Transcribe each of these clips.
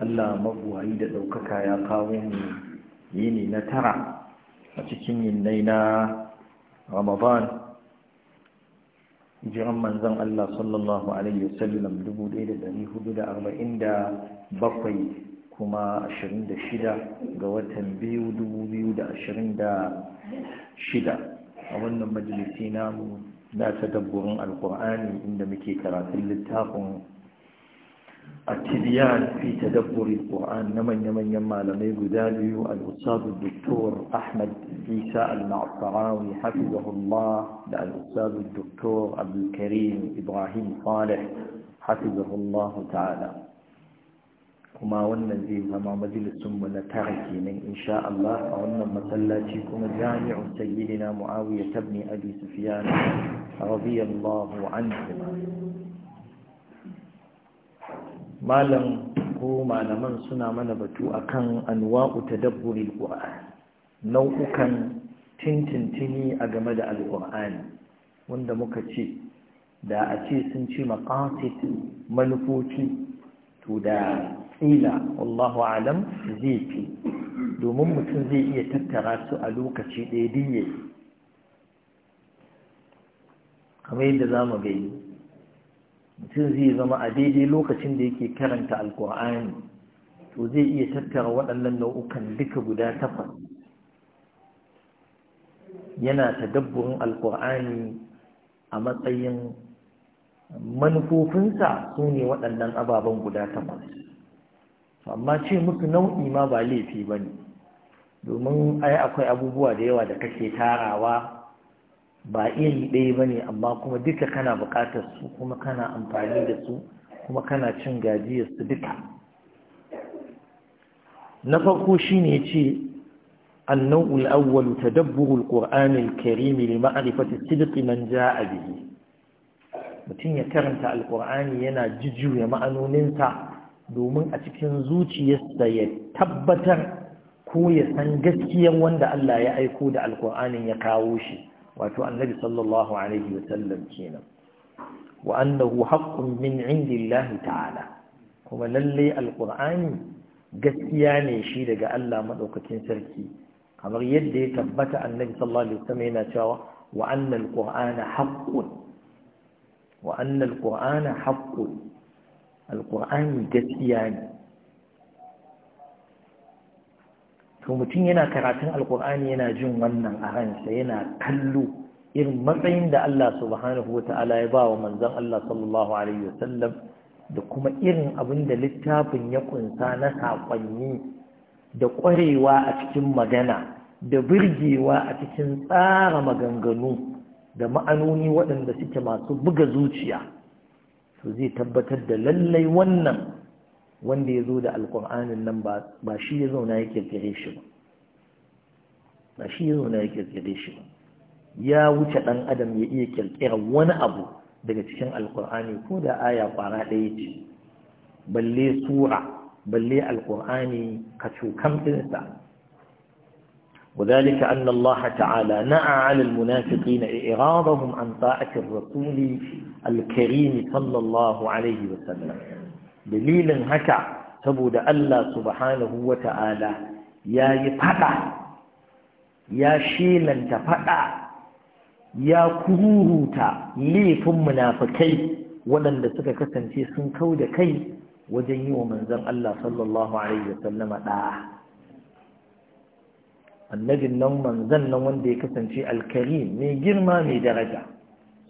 Allah magwayi da ɗaukaka ya kawo mu yini na tara a cikin yinnai na Ramadan jiran manzon Allah sallallahu alaihi wasallam 1447 kuma 26 ga watan biyu 2026 a wannan majalisi namu na tadabburin alkur'ani inda muke karatun littafin a tibiyar fi ta dabbori ƙo'an na manya-manyan malamai guda biyu al'ussadu doktor ahmad isa al-ma'afarawi hafi zahullah da al'ussadu doktor abdulkarim ibrahim falih hafi zahullah ta'ala kuma wannan zai zama majalisun mu na tara kenan insha Allah a wannan masallaci kuma jami'un sayyidina muawiya tabni abi sufyan radiyallahu anhu malam ko malaman suna mana batu akan anwa'u tadabburi alqur'an nau'ukan tintintini a game da alqur'ani wanda muka ce da a ce sun ce maqasid manufoci, to da tsila wallahu alam zai fi domin mutum zai iya tattara su a lokaci ɗaya diye kamar yadda za mu gani mutum zai zama a daidai lokacin da yake karanta alkur'ani to zai iya tattara waɗannan nau'ukan duka guda takwas yana ta dabburin alkur'ani a matsayin manufofinsa su ne waɗannan ababen guda takwas amma ce musu nau'i ma ba laifi ba ne domin ai akwai abubuwa da yawa da kake tarawa ba iri ɗaya ba ne amma kuma duka kana buƙatar su kuma kana amfani da su kuma kana cin gajiyar su duka na farko shi ne ce ta الأول تدبر القرآن الكريم لمعرفة صدق ja a biyu mutum ya karanta alkur'ani yana jujjuya ma'anoninsa domin a cikin zuciyarsa ya tabbatar ko ya san gaskiyar wanda Allah ya aiko da alkur'anin ya kawo shi wato annabi sallallahu alaihi wa sallam kenan wa annahu haqqun min indillahi ta'ala kuma lalle alqur'ani gaskiya ne shi daga Allah madaukakin sarki kamar yadda ya tabbata annabi sallallahu alaihi wa sallam yana cewa wa anna alqur'ana haqqun wa anna alqur'ana haqqun alqur'ani gaskiya ne to mutum yana karatun alkur'ani yana jin wannan a ransa yana kallo irin matsayin da Allah subhanahu wata'ala ya ba wa manzon Allah sallallahu alaihi wasallam da kuma irin abin da littafin ya kunsa na saƙonni da ƙwarewa a cikin magana da birgewa a cikin tsara maganganu da ma'anoni waɗanda suke masu buga zuciya to zai tabbatar da lallai wannan wanda ya zo da alƙur'anin nan ba shi ya zauna ya kirkire shi ba ba shi ya zauna ya kirkire shi ba ya wuce ɗan adam ya iya kirkira wani abu daga cikin alƙur'ani ko da aya ƙwara ɗaya ce balle sura balle alƙur'ani kacokan ɗinsa وذلك أن الله تعالى نعى على المنافقين إعراضهم عن طاعة الرسول الكريم صلى الله عليه وسلم dalilin haka saboda Allah subhanahu wa ta'ala ya yi faɗa, ya shelanta faɗa, ya kururuta laifin munafikai waɗanda suka kasance sun kau da kai wajen yi wa manzan Allah sallallahu Alaihi wasallama ɗaya. annabin nan manzan nan wanda ya kasance alkarim mai girma mai daraja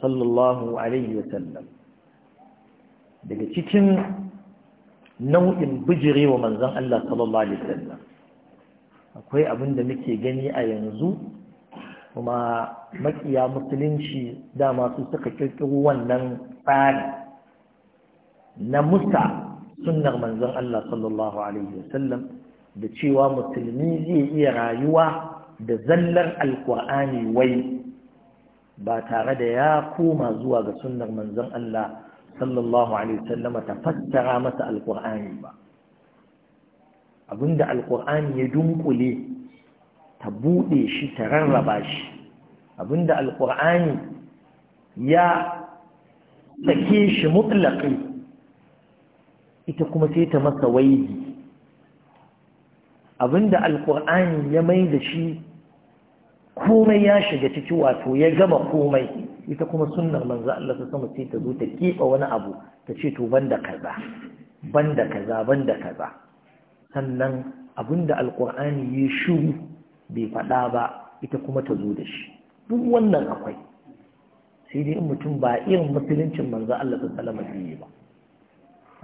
sallallahu Alaihi wasallam daga cikin nau'in bijire wa manzon Allah sallallahu alaihi wasallam akwai abin da muke gani a yanzu kuma makiya musulunci dama su suka kirkiro wannan tsari na musa sunnar manzon Allah sallallahu alaihi wasallam da cewa musulmi zai iya rayuwa da zallar alkur'ani wai ba tare da ya koma zuwa ga sunnar manzon Allah sallallahu alaihi wasallama ta fassara masa alqur'ani ba abinda alqur'ani ya dunkule ta bude shi ta rarraba shi abinda alqur'ani ya sake shi mutlaqi ita kuma sai ta masa waidi abinda alqur'ani ya mai da shi komai ya shiga ciki wato ya gama komai ita kuma sunnar manzo Allah ta sama sai ta zo ta kiba wani abu ta ce to banda kaza banda kaza banda kaza sannan abinda alqur'ani ya shiru bai faɗa ba ita kuma ta zo da shi duk wannan akwai sai dai in mutum ba irin musuluncin manzo Allah ta sallama ne ba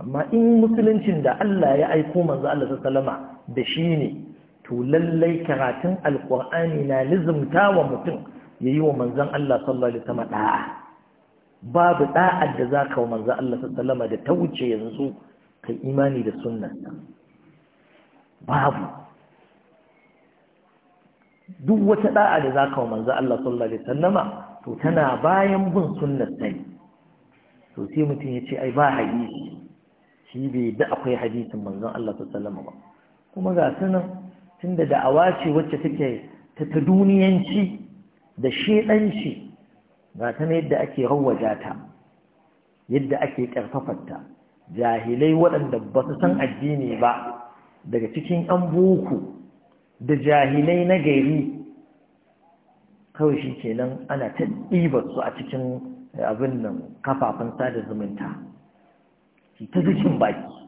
amma in musuluncin da Allah ya aiko manzo Allah ta sallama da shi ne to lallai karatun alkur'ani na lizumta wa mutum ya yi wa manzan Allah sallallahu alaihi wasallam da'a babu da'ar da za ka wa manzan Allah sallallahu alaihi da ta wuce yanzu kai imani da sunnarsa babu duk wata da'a da za ka wa manzan Allah sallallahu alaihi wasallama to tana bayan bin sunan ne to sai mutum ya ce ai ba hadisi shi bai da akwai hadisin manzan Allah sallallahu alaihi wasallama ba kuma ga sunan tunda da'awa ce wacce take ta duniyanci da shedanci ba ta yadda ake rawaja ta yadda ake karfafarta jahilai waɗanda ba su san addini ba daga cikin an boko da jahilai na gari kawai shi kenan ana ta ɗibar su a cikin abin nan kafafen sada zumunta ta zikin baki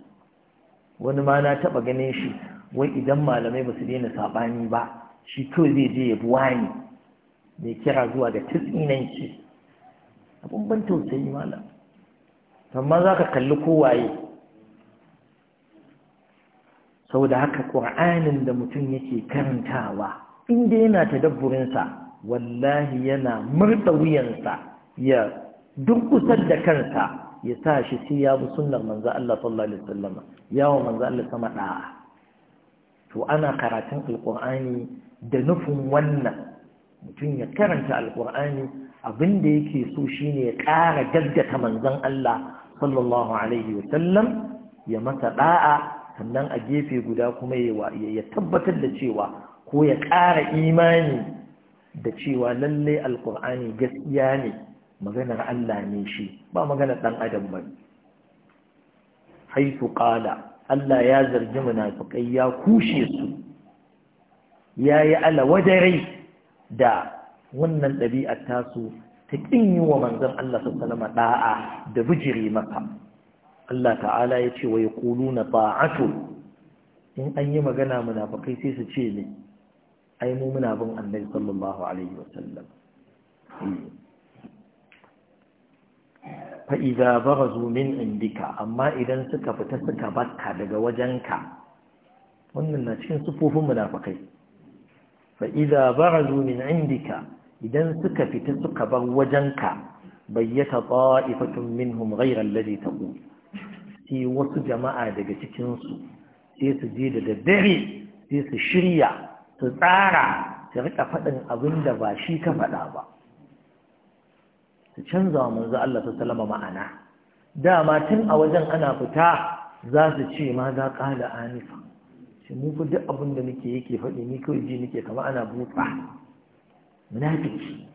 wani ma na taɓa ganin shi wai idan malamai ba su daina saɓani ba shi to zai je ya buwa ne mai kira zuwa da tsinanci abin ban tausayi malam amma za ka kalli kowaye sau da haka ƙur'anin da mutum yake karantawa inda yana ta dabburinsa wallahi yana murda wuyansa ya durkusar da kansa ya sa shi sai ya bi sunnar manzo Allah sallallahu alaihi wasallam yawo manzo Allah sama da'a to ana karatun alƙur'ani da nufin wannan mutum ya karanta alƙur'ani abin da yake so shine ya ƙara gaggata manzon Allah sallallahu alaihi sallam ya masa da'a sannan a gefe guda kuma ya tabbatar da cewa ko ya ƙara imani da cewa lallai alƙur'ani gaskiya ne maganar Allah ne shi ba maganar ɗan adam ba haifu ƙala Allah ya zargi munafikai ya kushe su ya yi alawadarai da wannan ɗabi'ar tasu ta ƙinyi yi wa manzan Allah sassalama ɗa'a da bijiri maka Allah ta'ala ya ce wai ƙulu na ba'atu in an yi magana munafikai sai su ce ne ai mu muna bin annabi sallallahu alaihi wasallam eh. fa'iza barazu min indika amma idan suka fita suka baka daga wajenka wannan na cikin sufofin munafakai fa'iza barazu min indika idan suka fita suka bar wajenka bayyata ta'ifatun minhum ghairal lade taqul sai wasu jama'a daga cikin su sai su je da daddare sai su shirya su tsara su riƙa faɗin abin da ba shi ka faɗa ba A canza wa manzo Allah sallama ma'ana dama tun a wajen ana fita za su ce ma za ƙala anifa shi mu fi duk abin da nake yake faɗi ni kawai ji nake kama ana buɗa munafiki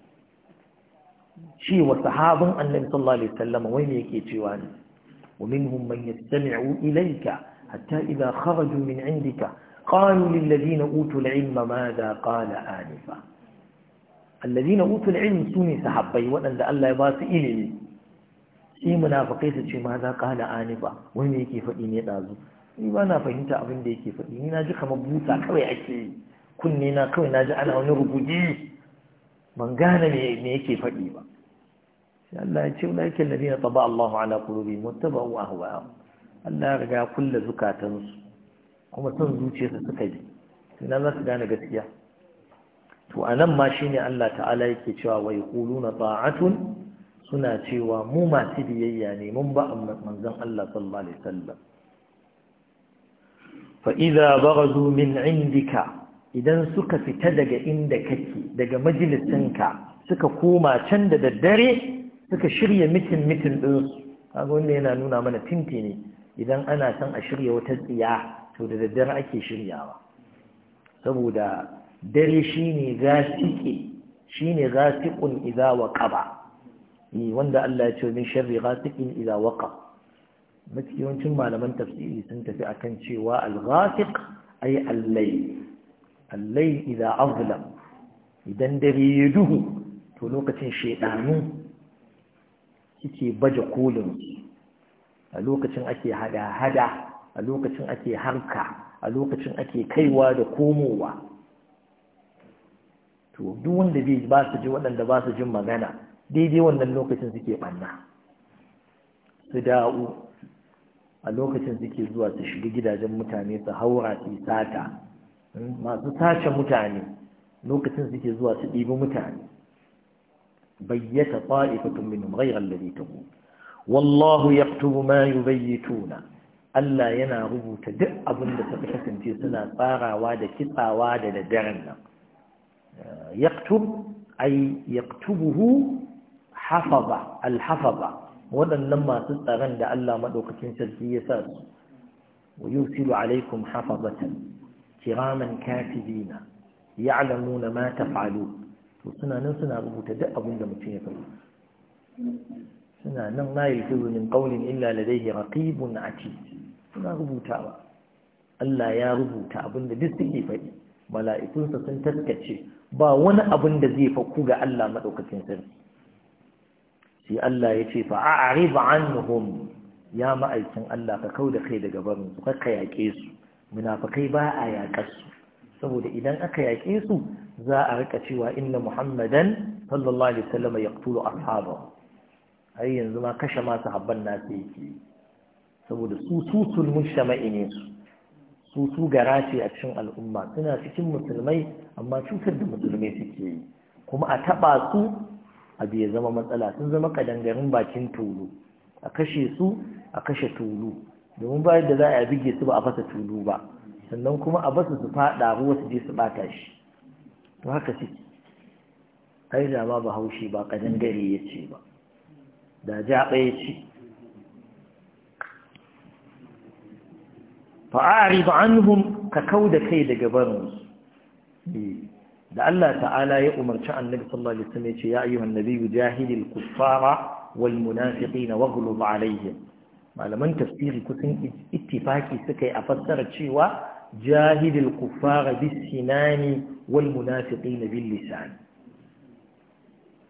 shi wa sahabin annabi sallallahu alaihi wasallam wai me yake cewa ne wa minhum man yastami'u ilayka hatta idha kharaju min indika qalu lil ladina utul ilma madha qala anifa allazina utul ilm sune sahabbai waɗanda Allah ya ba su ilimi shi munafikai su ce ma za ka hana ani Wani wani yake faɗi ne ɗazu ni ba na fahimta abin da yake faɗi ni na ji kamar busa kawai ake yi kunne na kawai na ji ana wani rubuji ban gane me yake faɗi ba sai Allah ya ce ulaika ladina taba Allahu ala qulubihim wattaba'u ahwa'ahum Allah ya riga kullu zukatansu kuma son zuciyarsa suka bi sai na za su gane gaskiya to anan ma shine Allah ta'ala yake cewa wai quluna ta'atun suna cewa mu masu biyayya ne mun ba manzon Allah sallallahu alaihi wasallam fa idza min indika idan suka fita daga inda kake daga majalisinka suka koma can da daddare suka shirya mitin mitin din kaga wanda yana nuna mana tinti ne idan ana son a shirya wata tsiya to da daddare ake shiryawa saboda dare shine gasiki shine gasiqun idza waqaba wanda Allah ya ce min sharri ghasiqin idza waqab mafi yawancin malaman tafsiri sun tafi akan cewa al-ghasiq ay al-layl al-layl idza azlam idan dare ya duhu to lokacin shedanu kike baje kolin a lokacin ake hada-hada a lokacin ake harka a lokacin ake kaiwa da komowa to duk wanda bai ba su ji waɗanda ba su jin magana daidai wannan lokacin suke ɓanna su da'u a lokacin suke zuwa su shiga gidajen mutane su haura su sata hmm, masu sace mutane lokacin suke zuwa su ɗibi mutane bayyata ta'ifatun minhum ghayra alladhi taqu wallahu yaktubu ma yubayyituna Allah yana rubuta duk abin da suka kasance suna tsarawa da kitsawa da daddaren nan yaktub ay yaktubuhu hafaza alhafaza waɗannan masu tsaron da Allah maɗaukacin sarki ya sa su wa yusilu alaikum hafazatan kiraman katibina ya'lamuna ma taf'alu to suna nan suna rubuta duk abin da mutum ya faru suna nan ma yalfizu min qawlin illa ladayhi raqibun atid suna rubutawa Allah ya rubuta abin da duk suke faɗi mala'ikunsa sun taskace ba wani abin da zai faku ga Allah maɗaukacin sarki sai Allah ya ce fa a'rid anhum ya ma'aikin Allah ka kauda kai daga barin su ka yaƙe su munafikai ba a yaƙarsu. su saboda idan aka yaƙe su za a rika cewa inna muhammadan sallallahu alaihi wasallam yaqtulu ashabahu ai yanzu ma kashe masu habban nasu yake saboda su sutul mushama'i ne su su su gara ce a cikin al'umma suna cikin musulmai amma cutar da musulmai suke yi kuma a taɓa su a ya zama matsala sun zama kadangarin bakin tulu a kashe su a kashe tulu domin bayan da za a bige su ba a fasa tulu ba sannan kuma a basu su faɗa ruwa su je su ɓata shi to haka suke ai da ma bahaushe ba kadangare ya ce ba da ja ya ce an anhum ka kauda kai daga barinsu eh, da Allah ta'ala ya umarci annabi sallallahu alaihi wasallam yace ya ayyuhan nabiyyu jahidil kuffara wal munafiqin waghlub alaihim malaman tafsiri kusan ittifaki suka yi a fassara cewa jahidil kuffara bis sinani wal na bil lisan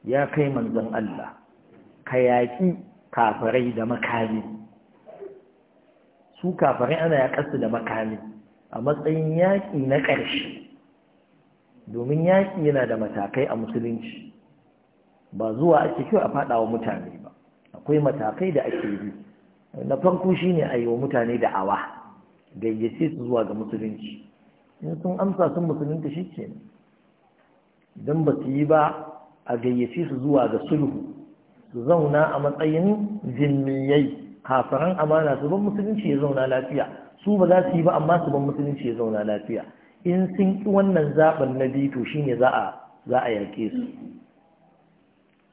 ya kai manzon Allah ka yaki kafirai da makami su kafarai ana kasu da makami a matsayin yaƙi na ƙarshe domin yaƙi yana da matakai a musulunci ba zuwa ake kyau a faɗa wa mutane ba akwai matakai da ake bi na farko shi ne a yi wa mutane da awa gayyace su zuwa ga musulunci in sun amsa sun musulunta shi ke don ba su yi ba a gayyace su zuwa ga sulhu su zauna a matsayin zimmiyai kafiran amana su ban musulunci ya zauna lafiya su ba za su yi ba amma su ban musulunci ya zauna lafiya in sun ki wannan zaɓin na biyu to shi ne a za a yake su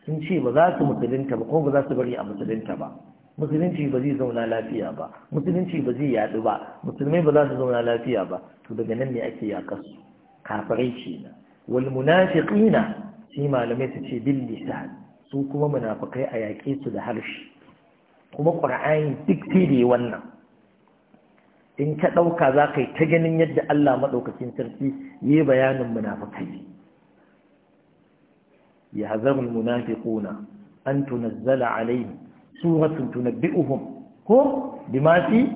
sun ce ba za su musulunta ba kuma ba za su bari a musulunta ba musulunci ba zai zauna lafiya ba musulunci ba zai yaɗu ba musulmai ba za su zauna lafiya ba to daga nan ne ake yaƙa su kafirai na. wal munafiqina shi malamai su ce bil lisan su kuma munafikai a yaƙe su da harshe kuma ƙur'ani duk sai da wannan in ka ɗauka za ka yi ta ganin yadda Allah maɗaukacin sarki yi bayanin munafukai ya hazarul munafiquna an tunazzala alaihim suratun tunabbi'uhum ko bima fi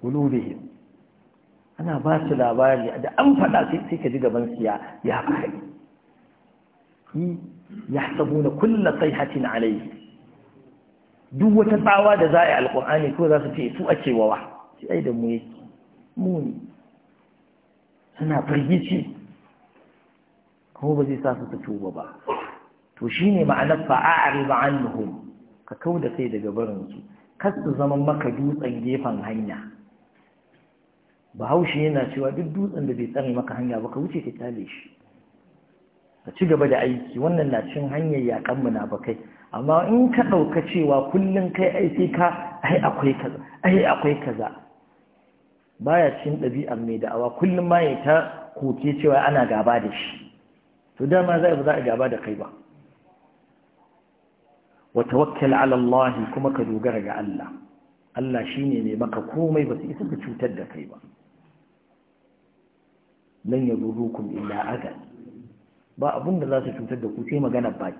qulubihim ana ba su labari da an faɗa sai ka ji gaban su ya ya fari yahsabuna kullu sayhatin alaihim duk wata tsawa da za a yi alƙur'ani ko za su ce su ake wa? sai ai da mu yake mu ne suna firgici kuma ba zai sa su fito ba to shine ma'anar fa'a'ari ba'annuhum ka kau da kai daga barinsu kar su zama maka dutsen gefen hanya bahaushe yana cewa duk dutsen da bai tsare maka hanya ba ka wuce ka tale shi ka ci gaba da aiki wannan na cin hanyar yakan bakai. amma in ka ɗauka cewa kullum kai aiki ka ai akwai kaza ai akwai kaza baya cin ɗabi'ar mai da'awa kullum ma ya ta koke cewa ana gaba da shi to dama za ba za gaba da kai ba wa tawakkal ala kuma ka dogara ga Allah Allah shine ne maka komai ba su isa ka cutar da kai ba lan yadurukum illa adan ba abin da za su cutar da ku sai magana baki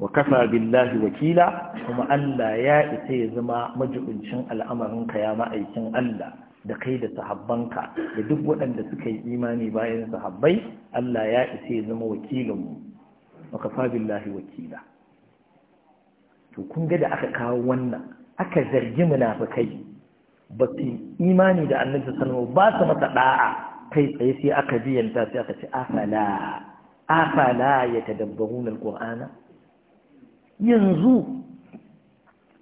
wa kafa billahi wakila kuma Allah ya isa ya zama majibincin al'amarinka ya ma'aikin Allah da kai da sahabbanka da duk waɗanda suka yi imani bayan sahabbai Allah ya isa ya zama wakilinmu wa kafa billahi wakila to kun ga da aka kawo wannan aka zargi munafikai ba su imani da annabi sallallahu alaihi wasallam ba su mata da'a kai tsaye sai aka biyanta sai aka ce afala afala ya tadabbaruna alqur'ana yanzu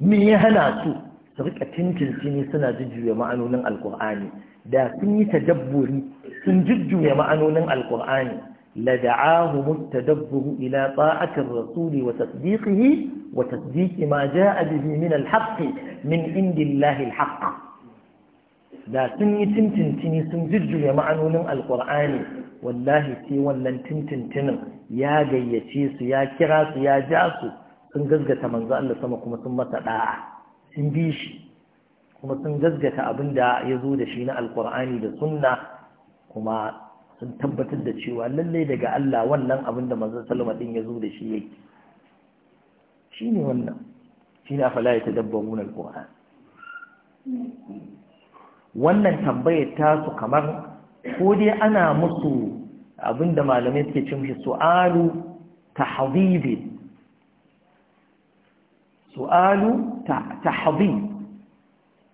me ya hana su su rika cincincini suna jujjuya ma'anonin alkur'ani da sun yi tadabburi sun jujjuya ma'anonin alqur'ani la da'ahu mutadabburu ila ta'ati ar-rasuli wa tasdiqihi wa tasdiqi ma ja'a bihi min al-haqq min indillahi al da sun yi cincincini sun jujjuya ma'anonin alkur'ani. wallahi sai wannan tintintinin ya gayyace su ya kira su ya ja su sun gazgata manzo Allah sama kuma sun masa da'a sun bi shi kuma sun gazgata abin da ya zo da shi na alkur'ani da sunna kuma sun tabbatar da cewa lalle daga Allah wannan abin da manzo sallama din ya zo da shi yake shine wannan shine afala ya tadabbarun alkur'an wannan tambayar ta su kamar ko dai ana musu abinda malamai suke cin shi su'alu ta tahdhib su'alu ta tahdhib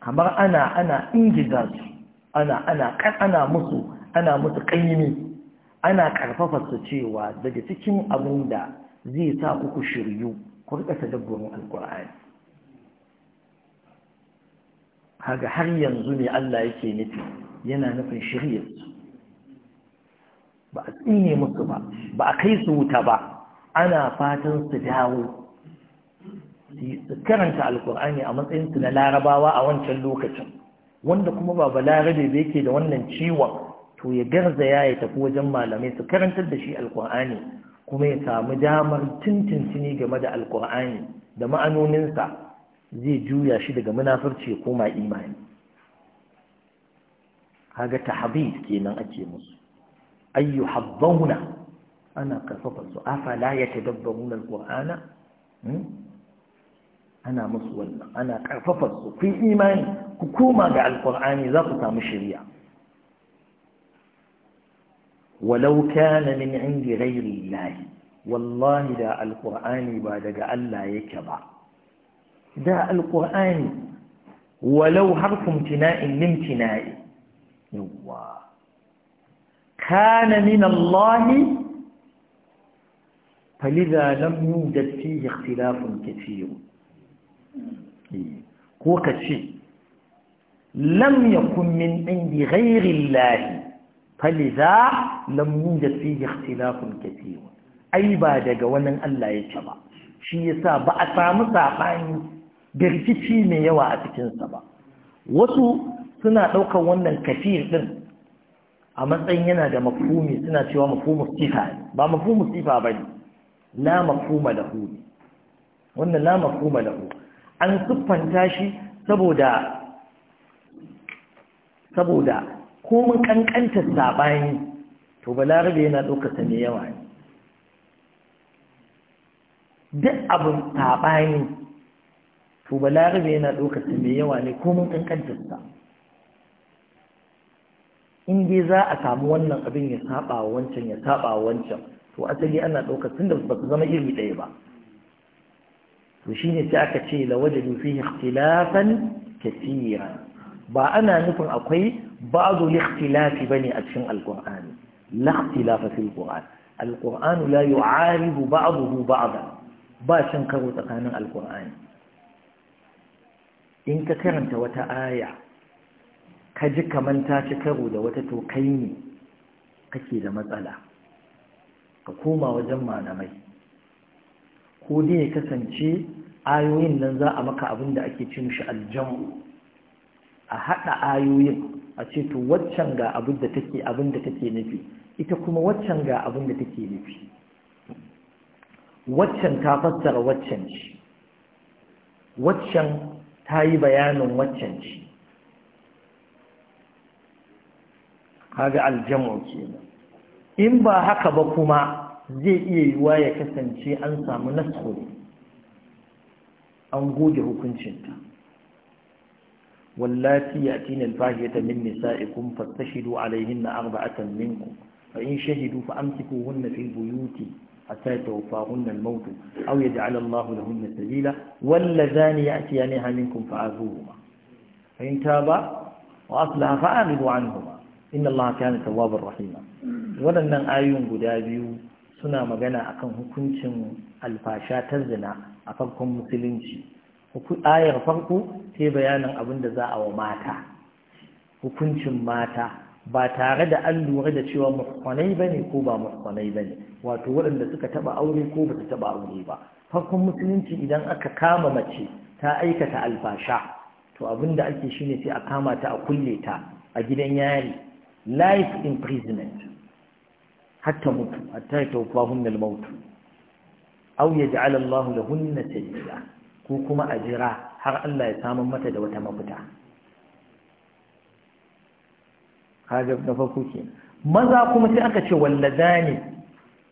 kamar ana ana ingiza su ana ana ana musu ana musu kanyini ana karfafa su cewa daga cikin abinda zai sa uku shiryu ku ta tadabburin alqur'ani Haga har yanzu ne Allah yake nufi yana nufin shirya ba a tsine musu ba ba a kai su wuta ba ana fatan su dawo su karanta alkur'ani a matsayinsu na larabawa a wancan lokacin wanda kuma ba balarabe da yake da wannan ciwon to ya garzaya ya tafi wajen malamai su karantar da shi alkur'ani kuma ya samu damar tuntuntuni game da alkur'ani da ma'anoninsa zai juya shi daga munafurci ya koma imani kaga tahbis kenan ake musu ayyu habbauna ana karfafa su afala yatadabbaruna alqur'ana hmm? ana musu wannan ana karfafa su ku imani ku koma ga alqur'ani za ku samu shari'a walau kana min indi ghairi wallahi da alqur'ani ba daga Allah yake ba da alqur'ani walau harfun tina'in min tina'i yawwa kana minallahi falidha lam yujad fihi ikhtilafun kathir eh, ko kace lam yakun min indi ghayri allah falidha lam yujad fihi ai ba daga wannan Allah yake ba shi yasa ba a samu sabani da rikici mai yawa a cikinsa ba wasu suna ɗaukar wannan kafir ɗin a matsayin yana da mafumi suna cewa mafhumus sifa ba mafhumus sifa bane la da hu wannan la da hu. an siffanta shi saboda saboda komin kankantar sabani to balarabe yana ɗaukar sa ne yawa ne duk abin sabani to balarabe yana ɗaukar sa ne yawa ne komin kankantar sa in dai za a samu wannan abin ya saba wa wancan ya saba wa wancan to asali ana ɗaukar da ba su zama iri ɗaya ba to shine sai aka ce la wajadu fihi ikhtilafan kathira ba ana nufin akwai ba'du ikhtilafi bane a cikin alqur'ani la ikhtilafa fil qur'an alqur'anu la yu'aribu ba'dahu ba'dan ba shin karo tsakanin alqur'ani in ka karanta wata aya ka ji kamar ta ci karo da wata to ne kake da matsala ka koma wajen malamai ko dai ya kasance ayoyin nan za a maka abin da ake ce mishi aljamu a haɗa ayoyin a ce to waccan ga abin da take abin da take nufi ita kuma waccan ga abin da take nufi waccan ta fassara waccan ci waccan ta yi bayanin waccan ci kaga aljamu kenan in ba haka ba kuma zai iya yiwa ya kasance an samu nasko an goge hukuncinta wallati yatina alfahiyata min nisa'ikum fastashidu alayhinna arba'atan minkum fa in shahidu fa amsikuhunna fil buyuti حتى يتوفاهن الموت أو يجعل الله لهن سبيلا واللذان يأتيانها منكم فعذوهما فإن تابا وأصلها فأعرضوا عنهما inna kana tawwabur rahima waɗannan ayoyin guda biyu suna magana akan hukuncin alfasha ta zina a farkon musulunci ayar farko ta bayanin abin da za a wa mata hukuncin mata ba tare da an lura da cewa muhsanai bane ko ba muhsanai bane wato waɗanda suka taba aure ko ba su taba aure ba farkon musulunci idan aka kama mace ta aikata alfasha to abin da ake shine sai a kama ta a kulle ta a gidan yari life imprisonment hatta mutu hatta yatawfahun al-maut aw yaj'al Allah lahunna sabila ko kuma a jira har Allah ya samu mata da wata mafita kaga na farko ke maza kuma sai aka ce walladani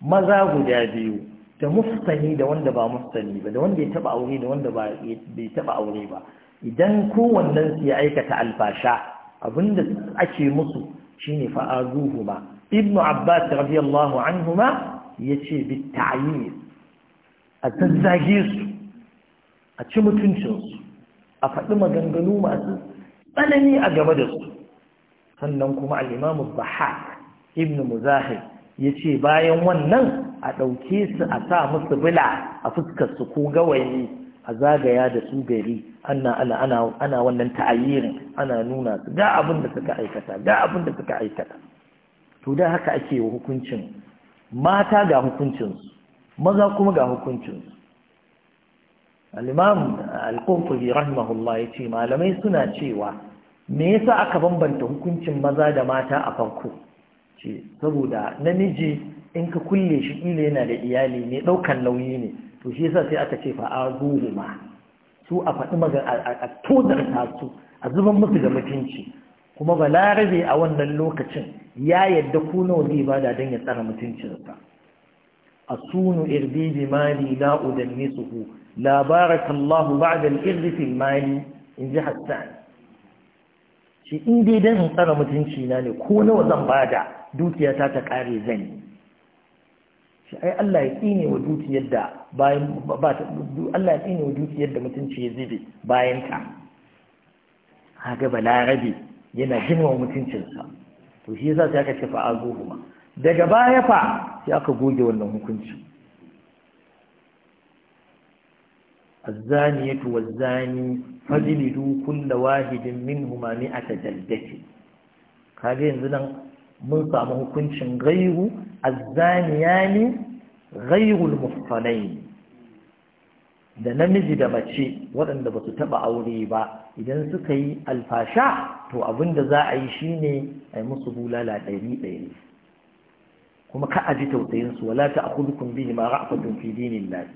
maza guda biyu da mufsani da wanda ba mufsani ba da wanda ya taba aure da wanda ba bai taba aure ba idan kowannen su ya aikata alfasha abinda ake musu shine fa'azuhuma ibnu abbas radiyallahu anhuma yace bi ta'yir a zazzage su a ci su, a faɗi maganganu masu tsanani a game da su sannan kuma al'imamu bahak ibn muzahir ya ce bayan wannan a ɗauke su a sa musu bila a fuskarsu ko gawayi a zagaya da su gari ana ana ana ana wannan ta'ayyirin ana nuna su ga abin da suka aikata ga abin da suka aikata to da haka ake wa hukuncin mata ga hukuncin, maza kuma ga hukuncin. al-imam al-qurtubi rahimahullah yace malamai suna cewa me yasa aka bambanta hukuncin maza da mata a farko ce saboda namiji in ka kulle shi ile yana da iyali ne daukan nauyi ne to shi yasa sai aka ce fa azuhuma su a faɗi magana a tozarta tasu, a zuban musu da mutunci kuma balarabe a wannan lokacin ya yadda ku nawa zai da don ya tsara mutuncinsa a sunu irbi bi mali la udannisuhu la barakallahu ba'da al-irdi fil mali in ji hassan shi in dai dan in tsara mutunci na ne ko nawa zan bada dukiya ta ta kare zan shi ai Allah ya tsine wa dukiyar da bayan ba Allah ya tsine wa dukiyar da mutunci ya zube bayan ta haga balarabe yana girma mutuncinsa to shi yasa sai aka ce fa azuhuma daga baya fa sai aka goge wannan hukunci zani, والزاني فجلدوا كل واحد منهما مئة جلدة kage yanzu nan mun samu hukuncin gairu azzaniyani ghairul ne da namiji da mace waɗanda ba su taɓa aure ba idan suka yi alfasha to abin da za a yi shi ne a yi musu bulala ɗari ɗari kuma ka a ji tausayinsu wala ta a kudukun bihi ma ra'afatun fi dinin lafi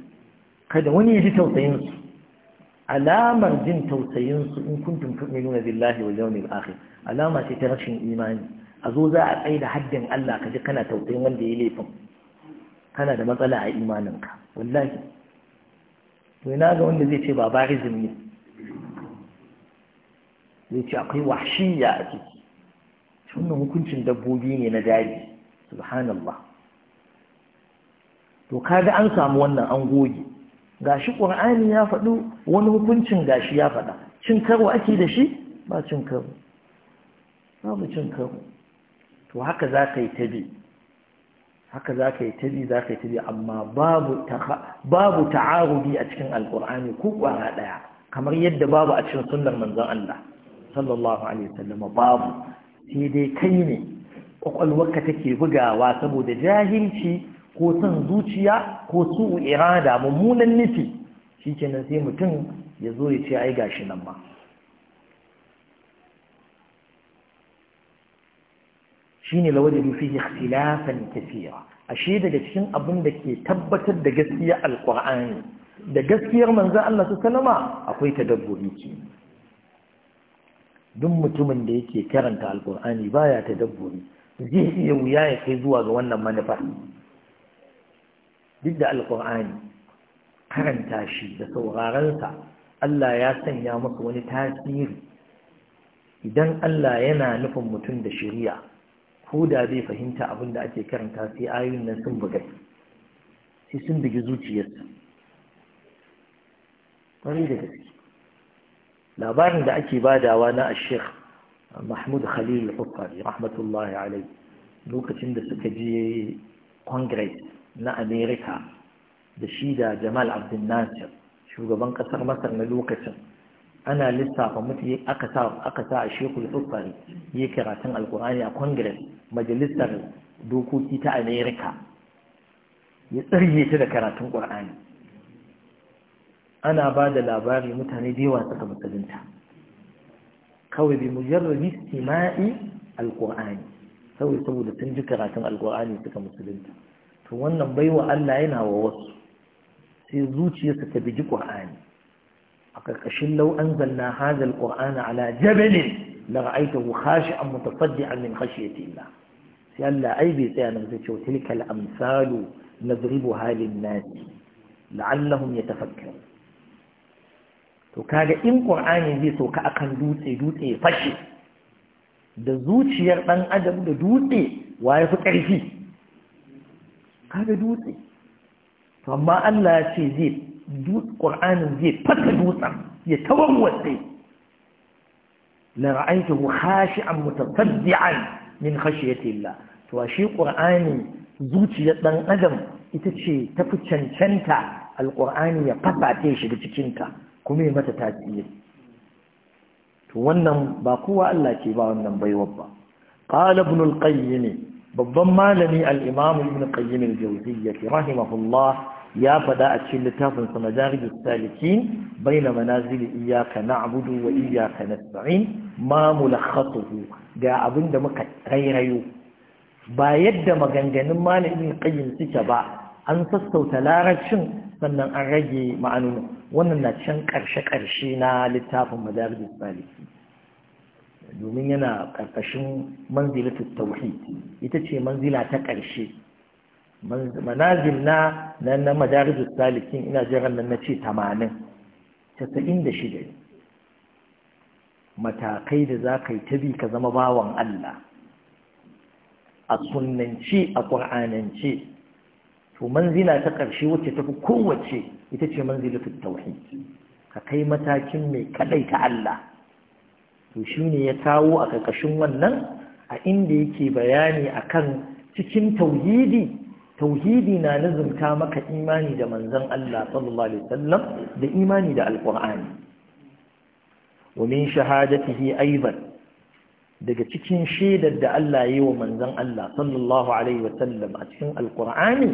kada wani ya ji tausayinsu alamar jin tausayinsu in kuntum nuna billahi wal yawmil akhir alama ce ta rashin imani a zo za a da haddin Allah ka ji kana tausayin wanda ya laifin kana da matsala a imaninka wallahi to na ga wanda zai ce ba barizm ne zai ce akwai washiya a ciki wannan hukuncin dabbobi ne na daji subhanallah to kaga an samu wannan an goge gashi qur'ani ya faɗo wani hukuncin gashi ya faɗa cin karo ake da shi ba cin karo babu cin karo to haka za ka yi ta biyu. haka za ka yi tabi za ka yi amma babu ta'arubi a cikin alkur'ani ko kwara ɗaya kamar yadda babu a cikin sunan manzon Allah sallallahu alaihi wasallam babu sai dai kai ne kwakwalwarka take bugawa saboda jahilci ko son zuciya ko su irada mummunan nufi shikenan sai mutum ya zo ya ce ai gashi nan ma shine lawajadu fihi ikhtilafan kaseera ashe daga cikin abin da ke tabbatar da gaskiya alqur'ani da gaskiyar manzon Allah sallama akwai tadabburi ke duk mutumin da yake karanta alqur'ani baya tadabburi zai iya wuya ya kai zuwa ga wannan manufa duk da alqur'ani karanta shi da sa, Allah ya sanya masa wani tasiri idan Allah yana nufin mutum da shari'a ko da zai fahimta abin da ake karanta sai ayoyin nan sun bugai sai sun bugi zuciyarsa ƙwarai da gaske labarin da ake badawa na ashir mahmud khalil hukari rahmatullahi alai lokacin da suka je congress na america da shi da jamal abdul nasir shugaban ƙasar masar na lokacin ana lissafa mutu aka sa aka sa a shekul tsufari yi karatun alkur'ani a kongres, majalisar dokoki ta Amerika. ya tsirge ta da karatun ƙur'ani ana ba da labari mutane da yawa suka musulunta kawai bi mujarrabi sima'i alkur'ani saboda sun ji karatun alkur'ani suka musulunta to wannan baiwa Allah yana wa wasu sai zuciyarsa ta biji ƙur'ani ƙarƙashin lau an zanna hazal ƙor'ana ala jabalin la ra'aita hu khashi an mutafaddi an min khashiyati illa sai Allah ai bai tsaya nan zai ce tilka al amsalu nadribu halin nasi la'allahum yatafakkarun to kaga in ƙur'ani zai soka akan dutse dutse ya fashe da zuciyar ɗan adam da dutse wa ya fi ƙarfi kaga dutse to amma Allah ya ce zai ƙur'anin zai fata dutsen ya tawarwatsa la ra'aytuhu khashi'an mutasaddian min ya Allah to shi ƙur'ani zuciyar ɗan adam ita ce tafi cancanta alƙur'ani ya fata ta shiga cikinta kuma ya mata tasiri to wannan ba kowa Allah ke ba wannan baiwar ba ƙala ibn al-qayyim babban malami al-imam ibn qayyim al-jawziyyah rahimahullah ya fada a cikin littafin sa majarijus salikin baina manazil iyyaka na'budu wa iyyaka nasta'in ma mulakhatuhu ga abinda muka rairayo ba yadda maganganun malamin qayyim suke ba an sassauta larabcin sannan an rage ma'anun wannan na can karshe-karshe na littafin majalijus salikin domin yana ƙarƙashin manzilatul tauhid ita ce manzila ta ƙarshe manazil na na madarijus salikin ina jiran nan na ce tamanin da shida matakai da za ka yi ta bi ka zama bawan Allah a sunnance a ƙur'anance to manzila ta ƙarshe wacce tafi kowace ita ce ta tauhid ka kai matakin mai kaɗai ta Allah to shine ya kawo a ƙarƙashin wannan a inda yake bayani akan cikin tauhidi tauhidi na nazumta maka imani da manzon Allah sallallahu alaihi wasallam da imani da alqur'ani wa min shahadatihi aidan daga cikin shaidar da Allah yi wa manzon Allah sallallahu alaihi wasallam a cikin alqur'ani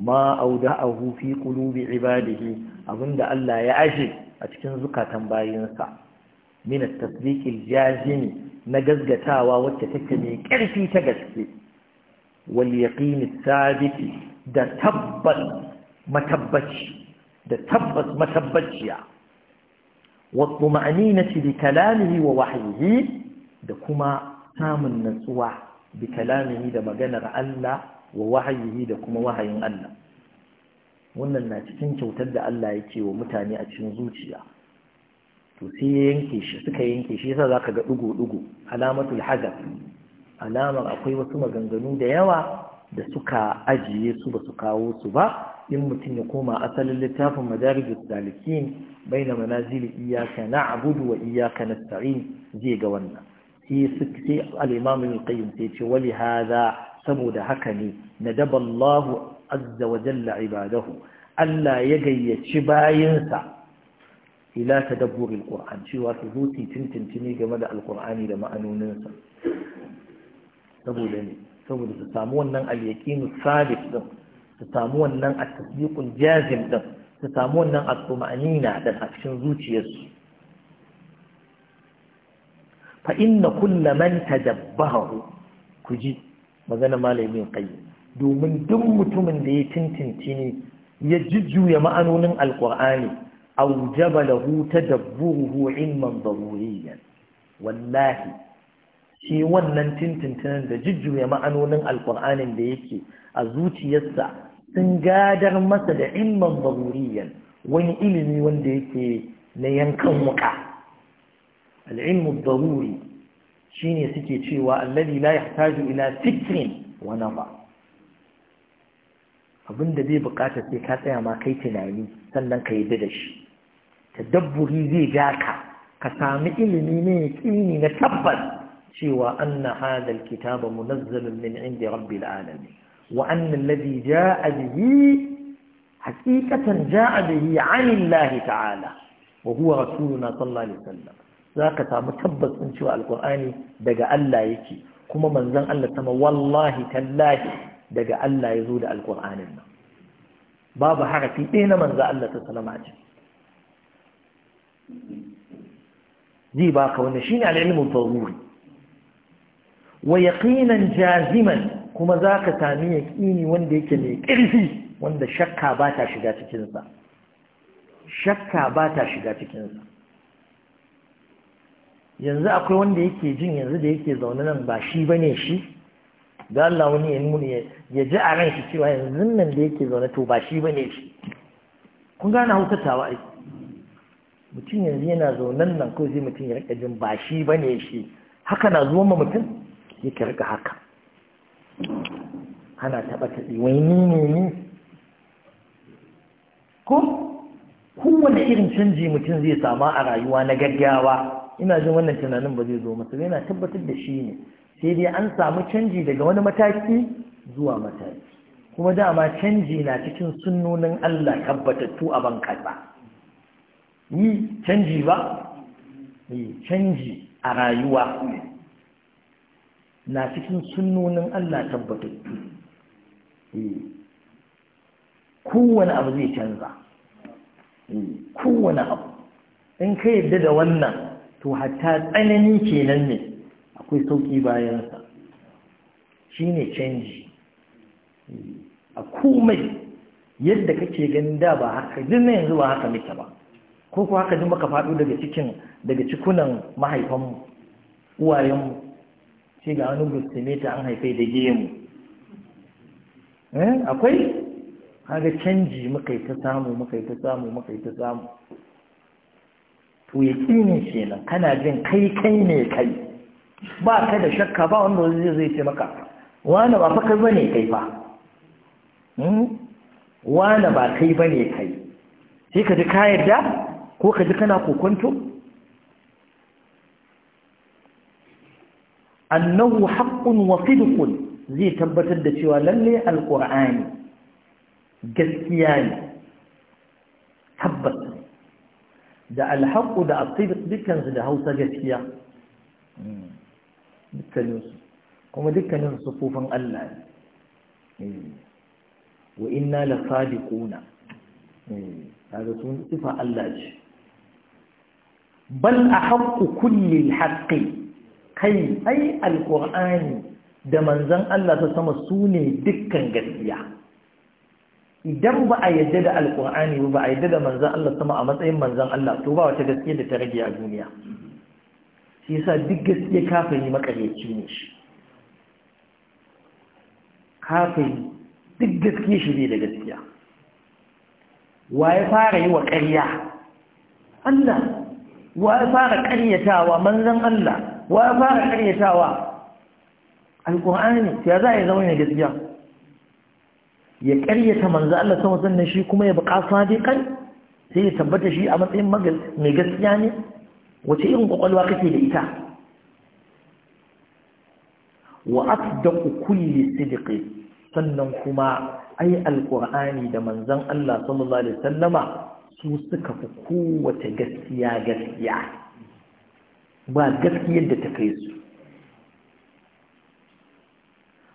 ma auda'ahu fi qulubi ibadihi abinda Allah ya ashe a cikin zukatan bayinsa min at-tasdiq na gazgatawa wacce take mai ƙarfi ta gaske wal yaqini da tabbas matabbaci da tabbas matabbaciya wa tuma'aninati bi kalamihi wa wahyihi da kuma samun natsuwa bi kalamihi da maganar Allah wa wahyihi da kuma wahayin Allah wannan na cikin kyautar da Allah yake wa mutane a cikin zuciya to sai yanke shi suka yanke shi yasa zaka ga dugo dugo alamatul hadaf alamar akwai wasu maganganu da yawa da suka ajiye su ba su kawo su ba in mutum ya koma asalin littafin madarijus dalikin bai na manazili iyaka na abudu wa iyaka na zai ga wannan sai al'imamin alƙayyum sai ce wali haza saboda haka ne na daballahu azza wa jalla ibadahu Allah ya gayyaci bayansa ila tadabburil qur'an cewa su zo tintintini game da alqur'ani da ma'anoninsa saboda ne saboda su samu wannan al-yaqinu sabit din su samu wannan at-tasdiqul jazim din su samu wannan at-tuma'nina da cikin zuciyarsu fa inna kulla man tadabbahu kuji magana malamin qayyim domin duk mutumin da ya tintinci ne ya jujjuya ma'anonin alqur'ani aw huta da tadabburuhu ilman daruriyyan wallahi shi wannan tintintinin da jujjuya ma'anonin alƙur'anin da yake a zuciyarsa sun gadar masa da ilman zaruriyan wani ilimi wanda yake na yankan wuka al'ilmu zaruri shine suke cewa alladhi la yahtaju ila fikrin wa nafa abinda zai bukata sai ka tsaya ma kai tunani sannan ka yi da shi tadabburi zai ja ka ka sami ilimi ne ƙini na tabbas cewa anna kitaba mu munazzalun min rabbi rabbil alamin wa anna alladhi jaa bihi haqiqatan jaa bihi 'an Allah ta'ala wa huwa rasuluna sallallahu alaihi wasallam zaka samu tabbacin cewa alƙur'ani daga Allah yake kuma manzan Allah sama wallahi tallahi daga Allah zo da alqur'anin nan babu harafi ɗaya na manza Allah ta sallama a ciki zai ka wannan shine al-ilmu wa yaqinan jaziman kuma zaka sami yaqini wanda yake mai ƙarfi wanda shakka ba ta shiga cikin sa shakka ba ta shiga cikin sa yanzu akwai wanda yake jin yanzu da yake zaune nan ba shi bane shi da Allah wani ya nuna ya ji a ran shi cewa yanzu nan da yake zaune to ba shi bane shi kun gane hausatawa ai mutum yanzu yana zaunan nan ko zai mutum ya rika jin ba shi bane shi haka na zuwa mutum yake riga haka ana taɓa taɓi wai ni ne ni ko kowane irin canji mutum zai sama a rayuwa na gaggawa ina jin wannan tunanin ba zai zo masa yana tabbatar da shi ne sai dai an samu canji daga wani mataki zuwa mataki kuma dama canji na cikin sunnonin Allah tabbatattu a ban ba, yi canji ba yi canji a rayuwa na cikin sunnonin Allah tabbatattu eh. kowane abu zai canza eh. kowane abu in ka yadda da wannan to hatta tsanani kenan ne akwai sauƙi bayansa shi ne canji eh. a komai yadda kake ganin da ba haka na yanzu ba haka mita ba ko ko haka duk ka faɗo daga cikin daga cikunan mahaifanmu uwayenmu sai ga wani gustume an haife da gemu eh, akwai kaga canji muka yi ta samu muka yi ta samu muka yi ta samu to ya kine kenan kana jin kai kai ne kai ba ka da shakka ba wanda zai zai ce maka wani ba fa kai bane kai ba? Hmm? wani ba kai bane kai sai ka ji ka yarda ko ka ji kana kokonto annahu haqqun wa sidqun zai tabbatar da cewa lalle alqur'ani gaskiya ne tabbas da alhaqqu da as-sidq dukkan su da Hausa gaskiya hmm. dukkanin su kuma dukkanin su sufufan Allah ne hmm. wa inna la sadiquna hmm. kaga sun sifa Allah ce bal a haƙƙu kulli haƙƙi kai ai alƙur'ani da manzan Allah ta sama sune ne dukkan gaskiya idan ba a yadda da alƙur'ani ba a yadda da manzan Allah sama a matsayin manzan Allah to ba wata gaskiya da ta rage a duniya shi yasa duk gaskiya kafiri makaryaci ne shi kafiri duk gaskiya shi da gaskiya wa ya fara yi wa ƙarya Allah wa ya fara ƙaryatawa manzan Allah wa ya fara ƙaryatawa alƙur'ani ya za a yi zama ne gaskiya ya ƙaryata manzan Allah sama sannan shi kuma ya buƙa sadiƙan sai ya tabbata shi a matsayin mai gaskiya ne wace irin ƙwaƙwalwa kake da ita wa asdaqu kulli sidqi sannan kuma ai alqur'ani da manzon Allah sallallahu alaihi wasallama su suka fi kowace gaskiya gaskiya ba gaskiyar da ta kai su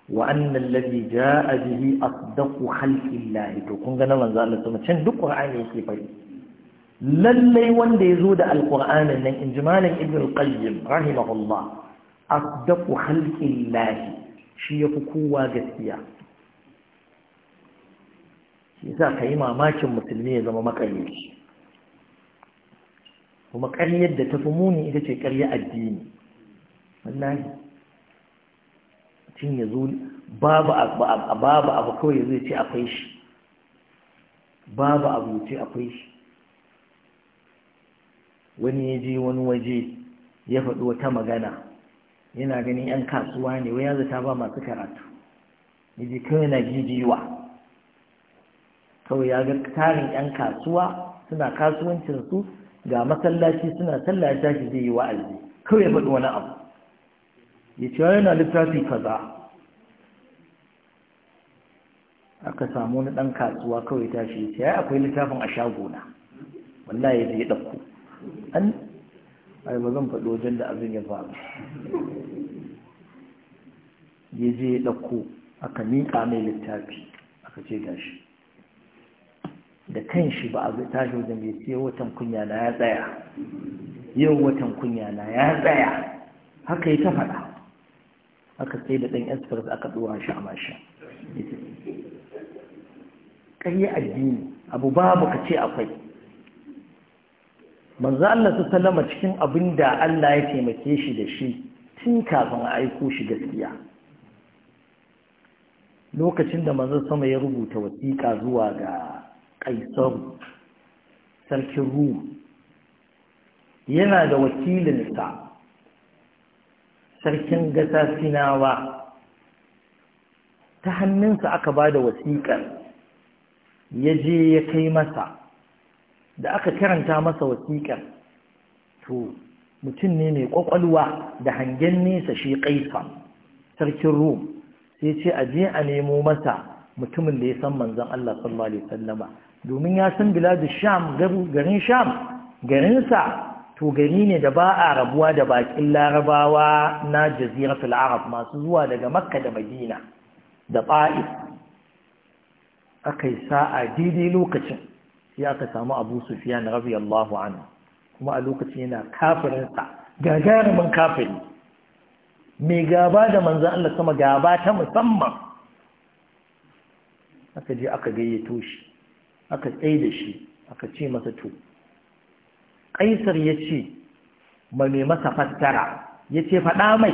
wa annan lalli ja'a bihi asdaqu khalqillahi to kun ga na manzo Allah can duk ya yake fari lallai wanda ya zo da alqur'anin nan in ji malam ibnu qayyim rahimahullah halkin lahi shi yafi kowa gaskiya shi sa ka yi mamakin musulmi ya zama makaryaci kuma karyar da ta fi muni ita ce karyar addini wallahi cin ya zo babu abu kawai ya zai ce akwai shi babu abu ya ce akwai shi wani ya je wani waje ya faɗi wata magana yana ganin 'yan kasuwa ne wai ya zata ba masu karatu ya je kawai na gijiwa kawai ya ga tarin 'yan kasuwa suna kasuwancinsu ga masallaci suna sallah ya tashi zai yi wa'azi kawai ya wani abu ya ce yana littafi kaza aka samu wani ɗan kasuwa kawai tashi ya ce ya akwai littafin a shagona wallahi ya zai ɗauko an ai ba zan faɗo wajen da abin ya faru ya je ya ɗauko aka miƙa mai littafi aka ce gashi da kan shi ba a tashi wajen mai siya watan kunya na ya tsaya yau watan kunya na ya tsaya haka ya ta faɗa aka sai da ɗan express aka ɗuwa shi a mashin yi addini abu babu ka ce akwai manzo Allah su salama cikin abin da Allah ya taimake shi da shi tun kafin a aiko shi gaskiya lokacin da manzo sama ya rubuta wasiƙa zuwa ga kaisaru sarkin Ruhu yana da wakilinsa sarkin gasa sinawa ta hannunsa aka ba da wasiƙar ya je ya kai masa da aka karanta masa wasiƙar to mutum ne mai ƙwaƙwalwa da hangen nesa shi ƙaifa sarkin rum sai ce a je a nemo masa mutumin da ya san manzan Allah sallallahu Alaihi wasallama domin ya san biladu sham garin sham garinsa to gari ne da ba a rabuwa da bakin larabawa na jaziratul arab masu zuwa daga makka da madina da ba'is aka yi sa'a daidai lokacin sai aka samu abu sufiyan radiyallahu anhu kuma a lokacin yana kafirinsa gagarumin kafiri mai gaba da manzan Allah sama gaba ta musamman aka je aka gayyato shi aka tsaye da shi aka ce masa to ƙaisar ya ce ma mai masa fassara ya ce faɗa mai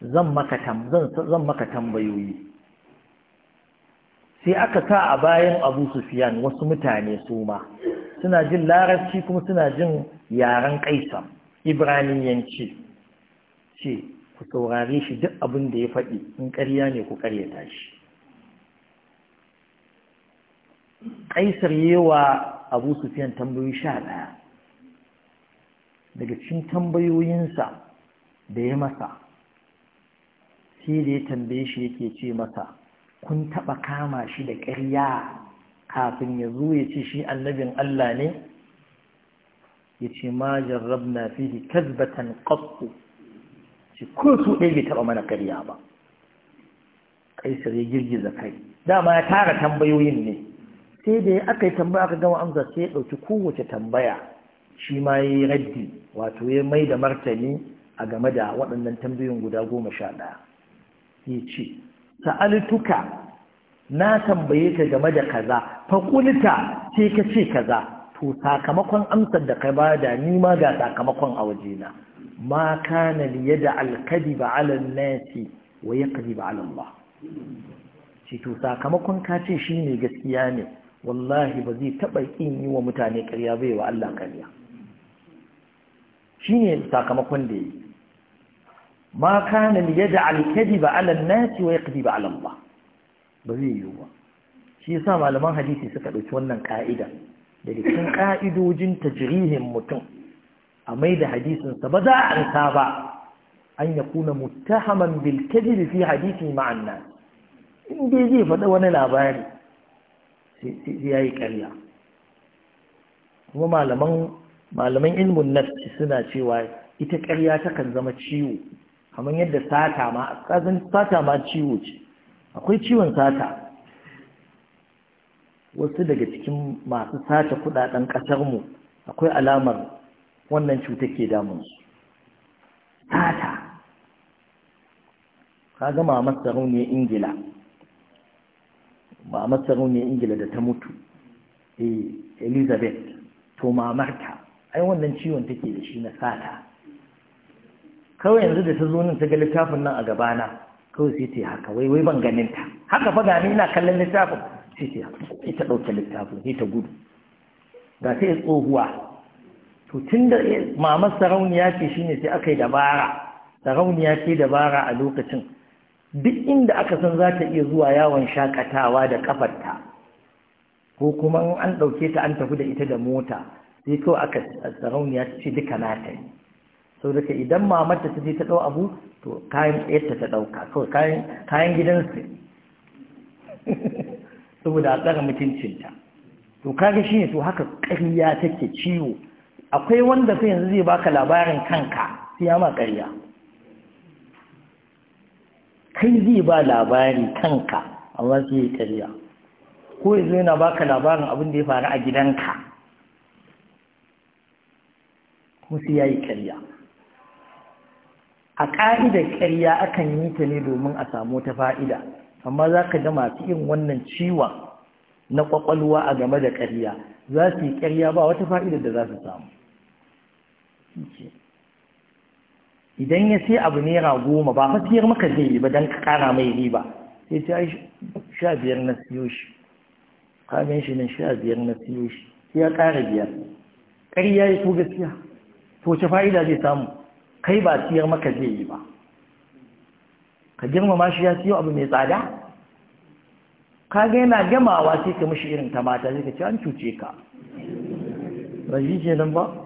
zan maka tambayoyi sai aka sa a bayan abu sufiyan wasu mutane su ma suna jin larabci kuma suna jin yaren Ibrahim yanci ce ku saurare shi duk abin da ya faɗi in ƙarya ne ku ƙaryata shi kaisar yewa abu sufiyan tambayoyi sha ɗaya daga cikin tambayoyinsa da ya masa sai da ya tambaye shi yake ce masa kun taɓa kama shi da ƙarya kafin ya zo ya ce shi annabin Allah ne ya ce ma jarrab fihi kazbatan ƙasku shi ko su ɗaya bai taɓa mana ƙarya ba kaisar ya girgiza kai dama ya tara tambayoyin ne sai da ya aka yi tambaya aka gama amsa sai ya ɗauki kowace tambaya shi ma ya yi raddi wato ya mai da martani a game da waɗannan tambayoyin guda goma sha ɗaya ya ce sa'altuka na tambaye ka game da kaza fakulta sai ka ce kaza to sakamakon amsar da ka ba da ni ma ga sakamakon a wajena ma kana liya da ba alal nasi wa ya kadiba Ba? Allah ce to sakamakon ka ce shi ne gaskiya ne wallahi ba zai taɓa ƙin yi wa mutane ƙarya bai wa Allah ƙarya shi ne sakamakon da yi ma kana ni yadda alkadi ba alan nasi wa ya kadi ba ba ba zai yi ba shi yasa malaman hadisi suka ɗauki wannan ƙa'ida da cikin ƙa'idojin tajrihin mutum a mai da hadisinsa ba za a ansa ba an ya kuna muttahaman bil kadibi fi hadisi ma'anna in dai zai faɗa wani labari sai ya yi ƙarya kuma malaman ilmin nafi suna cewa ita ƙarya takan zama ciwo kamar yadda sata ma ƙazin sata ma ciwo ce akwai ciwon sata wasu daga cikin masu sata kudaden ƙasarmu akwai alamar wannan cuta ke damunsu sata ka gama ne ingila mama sarauniyar ingila da ta mutu eh, elizabeth to mamarta ai wannan ciwon take da shi na sata kawai yanzu da ta zo nan ta ga littafin nan a gabana kawai sai ta yi haka wai wai ban ganin ta haka fa gani ina kallon littafin sai ta yi haka ta ɗauke littafin sai ta gudu ga sai tsohuwa to tun da mamar sarauniya ce shine sai aka yi dabara sarauniya ce dabara a lokacin duk inda aka san za ta iya zuwa yawon shakatawa da kafarta ko kuma an ɗauke ta an tafi da ita da mota sai kawai aka sarauniya ce duka nata ne sau da idan mamata ta je ta ɗau abu to kayan tsayarta ta ɗauka kawai kayan gidansu saboda a tsara mutuncinta to kaga shi ne to haka ƙarya take ciwo akwai wanda sai yanzu zai baka labarin kanka sai ya ma ƙarya kai zai ba labari kanka amma sai ya karya ko yanzu yana ka labarin abin da ya faru a gidanka kuma sai ya yi karya a ƙa'idar karya akan yi ta ne domin a samu ta fa'ida amma za ka dama masu yin wannan ciwon na ƙwaƙwalwa a game da karya za su yi karya ba wata fa'idar da za su samu idan ya sai abu naira goma ba fasiyar maka zai yi ba don ka kara mai riba sai ta yi sha biyar na siyo shi kamin shi ne sha biyar na siyo shi sai ya kara biyar ƙari ya yi ko gaskiya to wace fa'ida zai samu kai ba siyar maka zai yi ba ka girmama shi ya siyo abu mai tsada ka ga yana gamawa sai ka mishi irin ta mata sai ka ce an cuce ka ba shi ke nan ba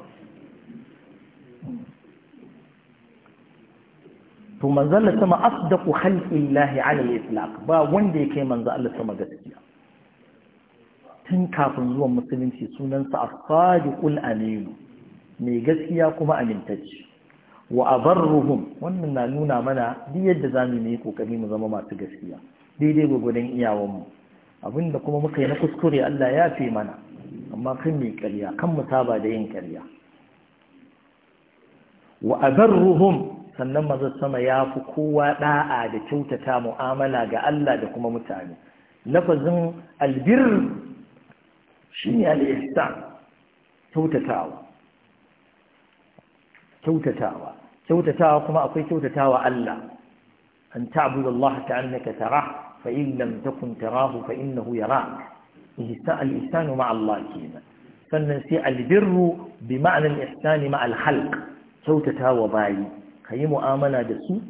to manzon Allah sama asdaqu khalqillahi ala al ba wanda ya kai Allah sama gaskiya tun kafin zuwan musulunci sunansa as-sadiqul Aminu, mai gaskiya kuma amintacce wa abarruhum wannan na nuna mana duk yadda zamu yi kokari mu zama masu gaskiya daidai gwagwadon iyawanmu abinda kuma muka yi na kuskure Allah ya fi mana amma kan mai karya kan mu saba da yin karya wa abarruhum sannan manzon sama ya fi kowa da'a da kyautata mu'amala ga Allah da kuma mutane lafazin albir shine al-ihsan kyautatawa kyautatawa kyautatawa kuma akwai kyautatawa Allah an ta'budu Allah ta'annaka tara fa in lam takun tarahu fa innahu yarak ihsan al-ihsanu ma'a Allah kenan sannan sai albirru bi ma'anin ihsani ma'a al-khalq kyautatawa bayi ka yi mu'amala da su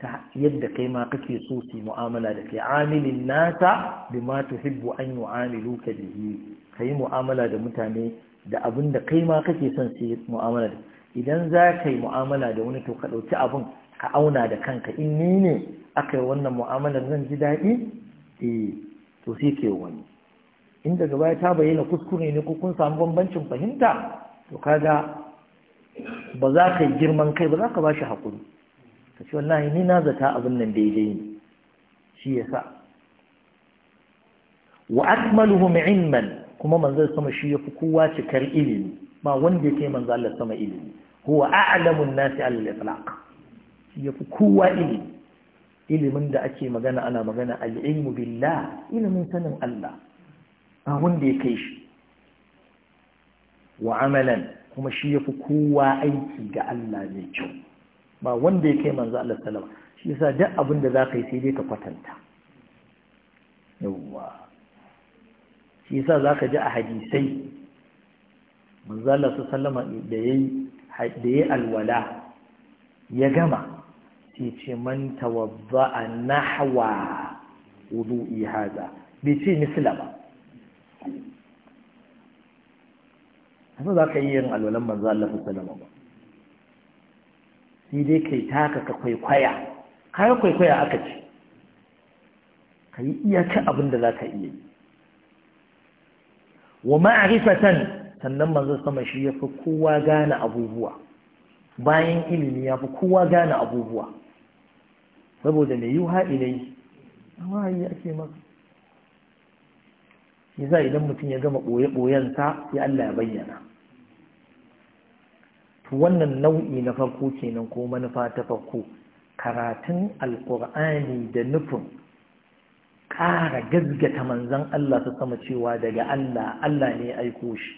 ta yadda kai ma kake so su mu'amala da kai amilin nata bi ma tuhibbu an ka bihi ka yi mu'amala da mutane da abin da kai ma kake son su yi mu'amala da idan za ka yi mu'amala da wani to ka ɗauki abin ka auna da kanka in ni ne aka yi wannan mu'amalar zan ji daɗi eh to sai ke wani in daga baya ta bayyana kuskure ne ko kun samu bambancin fahimta to kaga ba za ka yi girman kai ba za ka ba shi haƙuri ka ce wallahi ni na zata abin nan daidai ne shi ya sa wa akmaluhum ilman kuma manzon sama shi yafi kowa cikar ilimi ba wanda yake manzo Allah sama ilimi huwa a'lamun nasi ala al-itlaq Ya fi kowa ilimi ilimin da ake magana ana magana al-ilmu billah ilimin sanin Allah ba wanda ya kai shi wa amalan kuma shi yafi kowa aiki ga Allah mai kyau ba wanda ya kai manzo Allah sallama shi yasa duk abin da zaka yi sai dai ka kwatanta yawwa shi yasa zaka ji a hadisai manzo Allah sallama da yayi da yayi alwala ya gama sai ce man tawadda nahwa wudu'i hada bai ce misla ba ba za ka yi yin alwalan manzo Allah sallallahu ba sai dai kai taka ka kwaikwaya kai kwaikwaya aka ce kai iyaka abin da za ka iya yi wa ma'rifatan sannan manzo sama shi ya fi kowa gane abubuwa bayan ilimi ya fi kowa gane abubuwa saboda mai yuha ilai yi ake maka yasa idan mutum ya gama ɓoye-ɓoyensa ya Allah ya bayyana to wannan nau'i na farko kenan ko manufa ta farko karatun alkur'ani da nufin ƙara gazgata manzan Allah su sama cewa daga Allah Allah ne ya aiko shi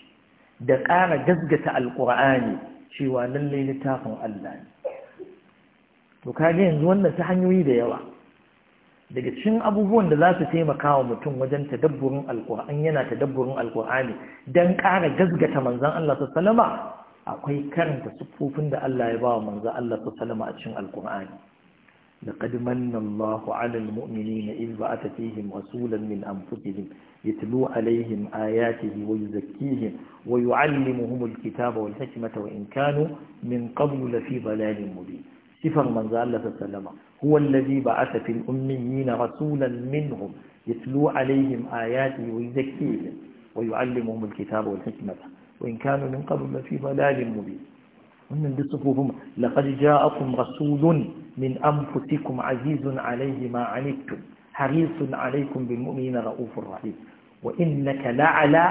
da ƙara gazgata alkur'ani cewa lallai littafin Allah ne to kage yanzu wannan ta hanyoyi da yawa daga cikin abubuwan da za su taimaka wa mutum wajen tadabburin alkur'ani yana tadabburin alkur'ani don ƙara gazgata manzan Allah su salama akwai karanta sufufin da Allah ya bawa Manza, manzo Allah sallama a cikin alqur'ani laqad manna Allahu 'ala almu'minina id ba'atha fihim rasulan min anfusihim yatlu 'alayhim ayatihi wa yuzakkihim wa yu'allimuhum alkitaba wal hikmata wa in kanu min qabl la fi dalalin mubin sifar manzo Allah sallama huwa alladhi ba'atha fil ummiyina rasulan minhum yatlu 'alayhim ayatihi wa yuzakkihim wa yu'allimuhum alkitaba wal hikmata وإن كانوا من قبل في ضلال مبين ومن بصفوفهم لقد جاءكم رسول من أنفسكم عزيز عليه ما عنتم حريص عليكم بالمؤمنين رؤوف رحيم وإنك لعلى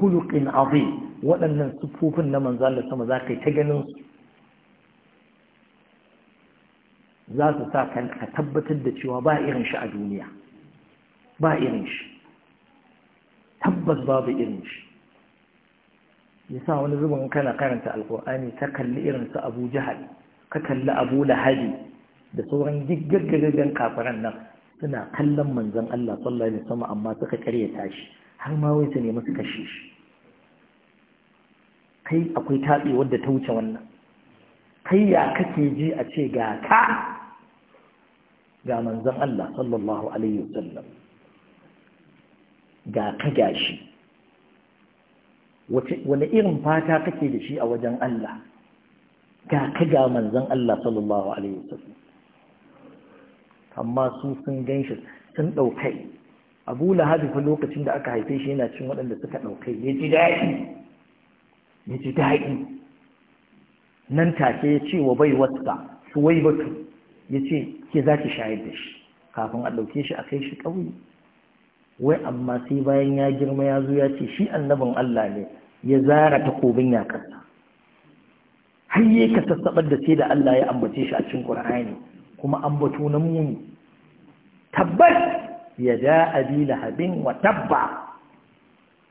خلق عظيم وأن الصفوف لمن زال لسما ذاك تجنس ذات ساكا تبت الدتي وبائر انش الدنيا بائر انش تبت باب انش yasa wani zubin kana karanta alkur'ani ta kalli irin su abu jahal ka kalli abu lahadi da sauran giggaggagen kafiran nan suna kallon manzon Allah sallallahu alaihi wasallam amma suka karyata shi har ma wai su nemi su kashe shi kai akwai tatsi da ta wuce wannan kai ya kake ji a ce ga ka ga manzon Allah sallallahu alaihi wasallam ga ka gashi wani irin fata kake da shi a wajen Allah ga ka ga manzon Allah sallallahu alaihi wasallam amma su sun ganshi sun ɗaukai. Abu Lahab fa lokacin da aka haife shi yana cin waɗanda suka ɗaukai. ya ji daɗi ya ji daɗi nan take ya ce wa bai wasta suwaibatu ya ce ke za ki shayar da shi kafin a ɗauke shi a kai shi ƙauye wai amma sai bayan ya girma ya zo ya ce shi annabin Allah ne ya zara takobin yakarsa har yi ka sassabar da sai da Allah ya ambace shi a cikin Qur'ani kuma ambato na muni Tabbas ya da abi lahabin wa tabba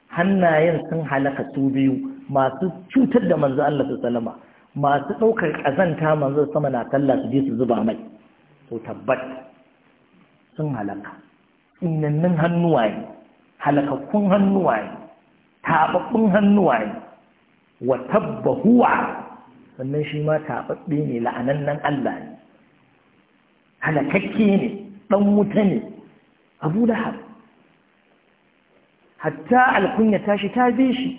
hannayen sun halaka su biyu masu cutar da manzo Allah sallama masu ɗaukar ƙazanta manzo sama na kalla su je su zuba mai to tabbat sun halaka tsinannin hannuwaye halakakkun hannuwaye tababbun hannuwaye wa tabbahuwa sannan shi ma tababbe ne la'anannan Allah ne halakakke ne ɗan wuta ne Abu Lahab hatta alkunya tashi ta bi shi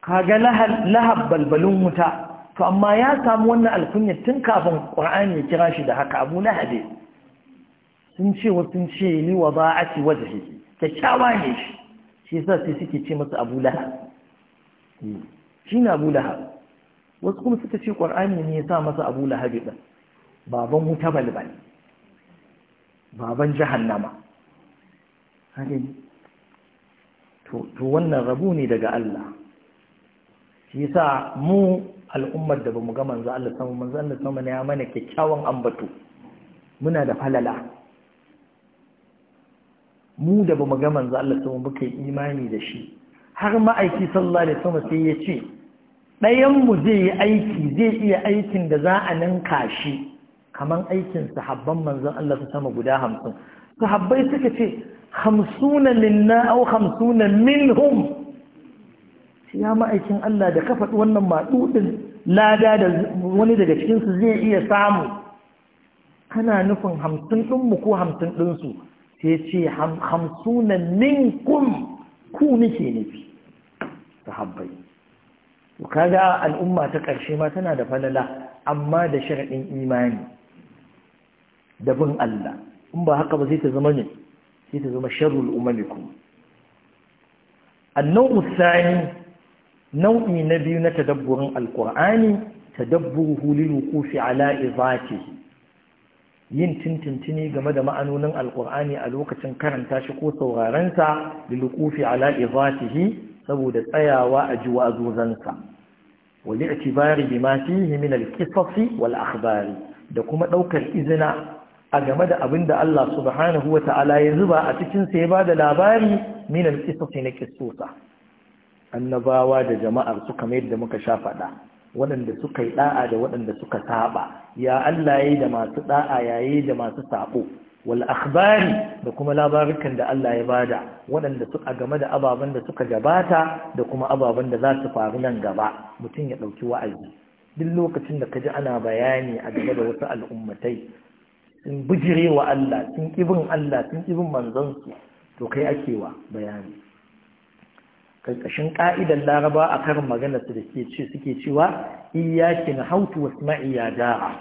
kaga lahab balbalin wuta to amma ya samu wannan alkunya tun kafin Qur'ani ya kira shi da haka Abu Lahab sun ce wasu sun ce ni wa ba a ci wajahi kyakkyawa ne shi shi yasa sai suke ce masu abu lahab hmm. shi ne abu lahab wasu kuma suka ce ƙwar'ani ne ya sa masa abu lahab ɗan baban wuta balbal baban jahannama hagani to wannan rabu ne daga Allah shi yasa mu al'ummar da ba mu ga manzo Allah sama manzo Allah sama ne ya mana kyakkyawan ambato muna da falala mu da ba mu ga manzo Allah sama muka yi imani da shi har ma'aiki sallallahu alaihi sai ya ce ɗayan mu zai yi aiki zai iya aikin da za a ninka shi kaman aikin sahabban manzon Allah sama guda hamsin sahabbai suka ce hamsuna minna aw hamsuna minhum ya ma'aikin Allah da kafa wannan maɗuɗin lada da wani daga cikinsu zai iya samu kana nufin hamsin ɗinmu ko hamsin ɗinsu sai ce hamsuna minkum ku nake nufi sahabbai to kaga al'umma ta ƙarshe ma tana da falala amma da sharaɗin imani da bin Allah in ba haka ba sai ta zama ne sai ta zama sharrul umamikum annau usani nau'i na biyu na tadabburin alqur'ani tadabburuhu lil wuqufi ala izatihi yin tintintini game da ma'anonin alkur'ani a lokacin karanta shi ko saurarensa da lukufi ala izatihi saboda tsayawa a ji wa'azozansa wa li'tibari bima fihi min al wal akhbari da kuma ɗaukar izina a game da abin da Allah subhanahu wa ta'ala ya zuba a cikin sa ya bada labari min al na qissusa annabawa da jama'ar suka mai da muka sha faɗa waɗanda suka yi ɗa'a da waɗanda suka saba ya Allah yayi da masu ɗa'a yayi da masu saƙo. wal akhbari da kuma labarukan da Allah ya bada waɗanda suka game da ababen da suka gabata da kuma ababen da za su faru nan gaba mutum ya ɗauki wa'azi duk lokacin da ka ji ana bayani a game da wasu al'ummatai sun bijire wa Allah sun ƙibin Allah sun ƙibin manzansu to kai akewa bayani karkashin ƙa'idar laraba a karin maganarsu da ke suke cewa iyaki na hautu wasu ma'i ya jaha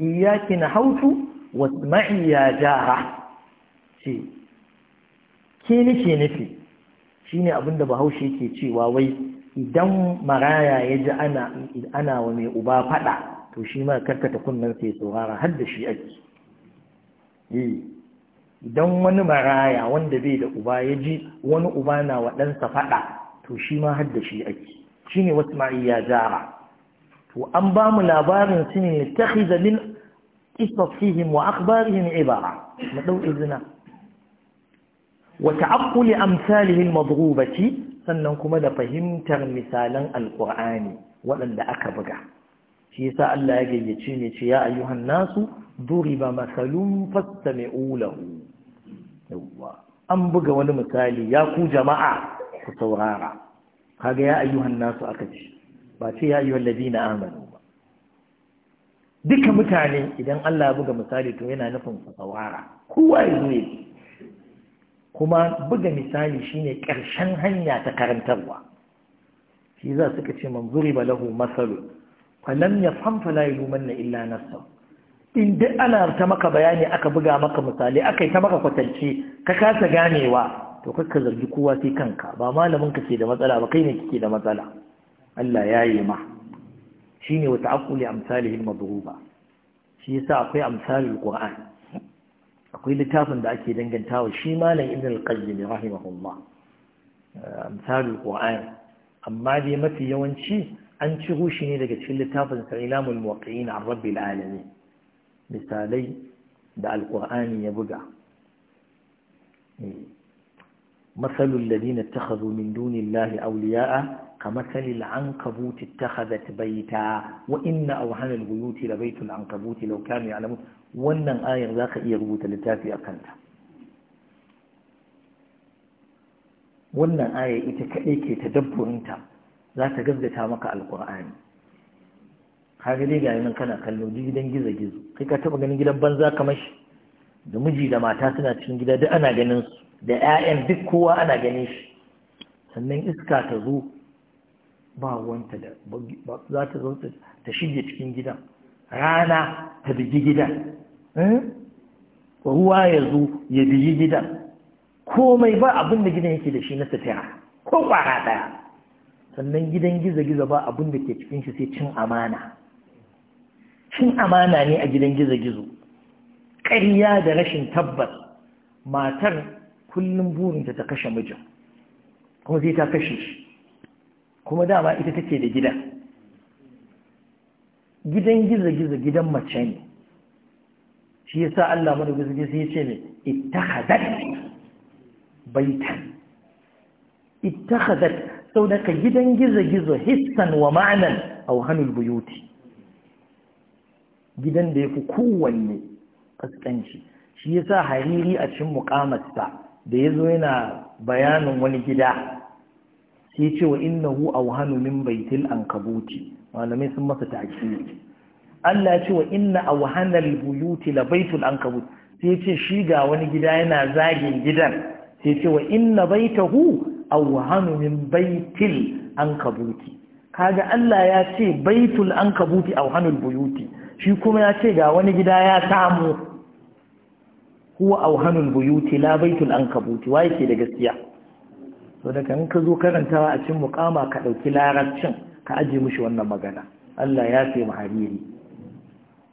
iyaki na hautu wasu ma'i jaha ce ke nufi shi ne abinda bahaushe ke cewa wai idan maraya ya ji ana wa mai uba faɗa to shi ma karkata kunnen sai saurara har da shi ake eh. idan wani maraya wanda bai da uba ya ji wani uba na wa ɗansa faɗa to shi ma har shi ake shi ne wasu ya jara to an ba mu labarin su ne ta min isfafihim wa akhbarihim ibara mu ɗau izina wa ta'aqquli amsalihi madrubati sannan kuma da fahimtar misalan Alƙur'ani waɗanda aka buga shi yasa Allah ya gayyace ne ce ya ayyuhan nasu duriba masalun fastami'u lahu yawa an buga wani misali ya ku jama'a ku saurara kaga ya ayyuhan nasu aka ce ba ce ya ayyuhal ladina amanu ba duka mutane idan Allah ya buga misali to yana nufin ku saurara kowa ya zo kuma buga misali shine karshen hanya ta karantarwa shi za suka ce manzuri ba lahu masalun falam ya famfa la yumanna illa nafsa in duk ana ta maka bayani aka buga maka misali aka yi ta maka kwatance ka kasa ganewa to kakka zargi kowa sai kanka ba malamin ka ke da matsala ba kai ne kike da matsala Allah ya yi ma shine wa ta'aqquli amsalihi hilma madhruba shi yasa akwai amsalul qur'an akwai littafin da ake dangantawa shi malam ibn al-qayyim rahimahullah amsalul qur'an amma dai mafi yawanci an ciro shi ne daga cikin littafin sa'ilamul muwaqqi'in a rabbi alamin misalai da alqur'ani ya buga eh. masalul ladina ittakhadhu min dunillahi awliya'a kamathali al-ankabut ittakhadhat bayta wa inna awhana al da la baytul ankabut law kanu alamu? wannan ayar zaka iya rubuta littafi a kanta? wannan ayar ita kaɗai ke tadabburinta za ta gaggata maka alkur'ani Ka dai gayi nan kana kallo gidan gizo gizo kai ka taba ganin gidan banza kamar shi da miji da mata suna cikin gida duk ana ganin su da ƴaƴan duk kowa ana ganin shi sannan iska ta zo ba wanta da za ta zo ta shige cikin gidan rana ta bigi gidan hmm? ruwa ya zo ya bigi gidan komai ba abin da gidan yake da shi na sutura ko kwara ɗaya sannan gidan giza-giza ba abin da ke cikin shi sai cin amana cin amana ne a gidan giza-gizo ƙarya da rashin tabbas matar kullum burinta ta kashe mijin kuma sai ta kashe shi kuma dama ita take da gida gidan giza-giza gidan mace ne shi yasa Allah mana gizo sai ya ce ne ittakhadhat baitan ittakhadhat sau daga gidan gizo-gizo hissan wa ma'anan a buyuti gidan da ya fi kowanne ƙasƙanci shi ya sa hariri a cikin muƙamasta da ya zo yana bayanin wani gida sai ce wa hu a wahanu min baitil an kabuti malamai sun masa ta'akiri Allah ya ce wa inna a wahanar buyuti la baitul an kabuti sai ce shi ga wani gida yana zagin gidan sai ce wa inna hu? awhanu min baitil ankabuti kaga Allah ya ce baitul ankabuti auhanul buyuti shi kuma ya ce ga wani gida ya samu huwa auhanul buyuti la baitul ankabuti wai ke da gaskiya to ka zo karantawa a cikin muqama ka dauki larabcin ka aje mishi wannan magana Allah ya ce muhariri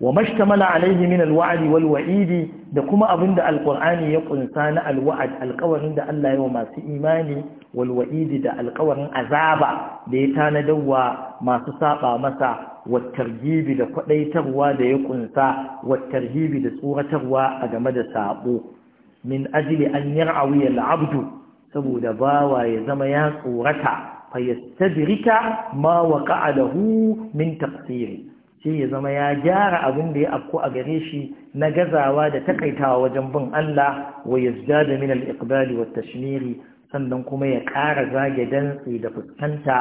wa mashtamala alaihi min Al-wa'adi wal wa'id da kuma abinda alqur'ani ya ƙunsa na alwa'd alqawarin da Allah ya wa masu imani walwa'idi da alƙawarin azaba da ya tanadawa masu saɓa masa wattargibi da kwadaitarwa da ya kunsa wattargibi da tsoratarwa a game da sabo min ajili an yar'awi Abdu saboda bawa ya zama ya tsorata fa yastadrika ma waqa'a lahu min taqsiri shi ya zama ya gyara abin da ya afku a gare shi na gazawa da takaitawa wajen bin Allah wa yazdada min al-iqbali tashmiri sannan kuma ya ƙara zage dantse da fuskanta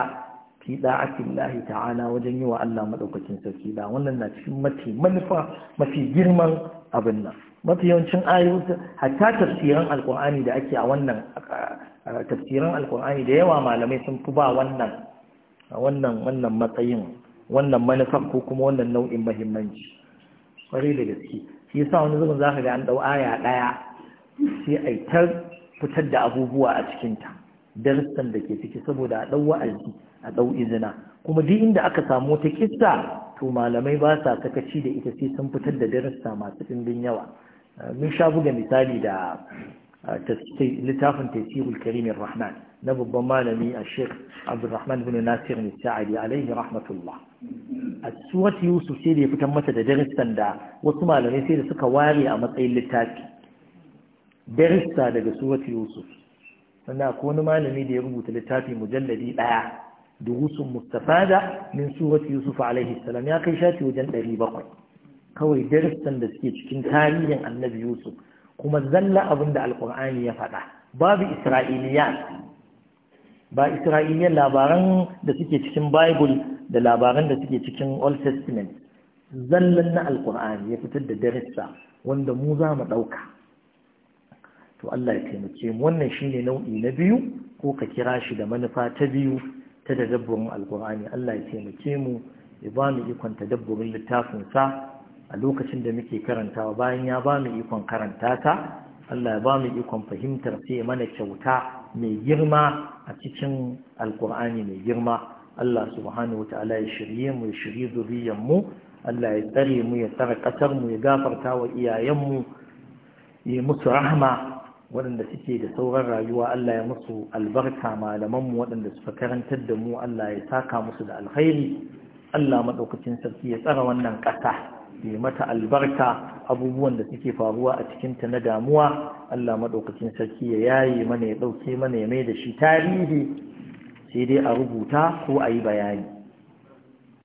fi da'atin lahi ta'ala wajen yi wa Allah maɗaukacin sarki da wannan na cikin mafi manufa mafi girman abin nan mafi yawancin ayoyi hatta tafsiran alkur'ani da ake a wannan tafsiran alkur'ani da yawa malamai sun fi ba wannan wannan wannan matsayin wannan manufa ko kuma wannan nau'in muhimmanci kwarai da gaske shi yasa wani zubin zaka ga an dau aya daya sai ai tar fitar da abubuwa a cikinta darussan da ke ciki saboda a ɗau wa'azi a ɗau izina kuma duk inda aka samu ta kissa to malamai ba sa sakaci da ita sai sun fitar da darussa masu ɗimbin yawa eh, mun sha buga misali da eh, littafin tafsirul karimin rahman na babban malami a sheikh abdulrahman bin nasir ne sa'adi alaihi rahmatullah a suwat yusuf sai da ya fitar mata da darussan da wasu malamai sai da suka ware a matsayin littafi darissa daga suratu yusuf sannan ko wani malami da ya rubuta littafi mujalladi daya durusun da min surat yusuf alaihi salam ya kai shafi wajen 700 kawai daristan da suke cikin tarihin annabi yusuf kuma zalla abin da alkur'ani ya faɗa babu isra'iliyan ba isra'iliyan labaran da suke cikin bible da labaran da suke cikin old testament zallan na alkur'ani ya fitar da darussa wanda mu za mu ɗauka to Allah ya taimake mu wannan shine nau'i na biyu ko ka kira shi da manufa ta biyu ta tadabburin alqur'ani Allah ya taimake mu ya ba mu ikon tadabburin littafin sa a lokacin da muke karantawa bayan ya ba mu ikon karanta ta Allah ya ba mu ikon fahimtar sai mana kyauta mai girma a cikin alqur'ani mai girma Allah subhanahu wata'ala ya shirye mu ya shirye zuriyar mu Allah ya tsare mu ya tsare kasar mu ya gafarta wa iyayen mu ya musu rahma waɗanda suke da sauran rayuwa Allah ya musu albarka malamanmu waɗanda suka karantar da mu Allah ya saka musu da alkhairi Allah maɗaukacin sarki ya tsara wannan ƙasa ya mata albarka abubuwan da suke faruwa a cikinta na damuwa Allah maɗaukacin sarki ya yaye mana ya ɗauke mana ya mai da shi tarihi sai dai a rubuta ko a yi bayani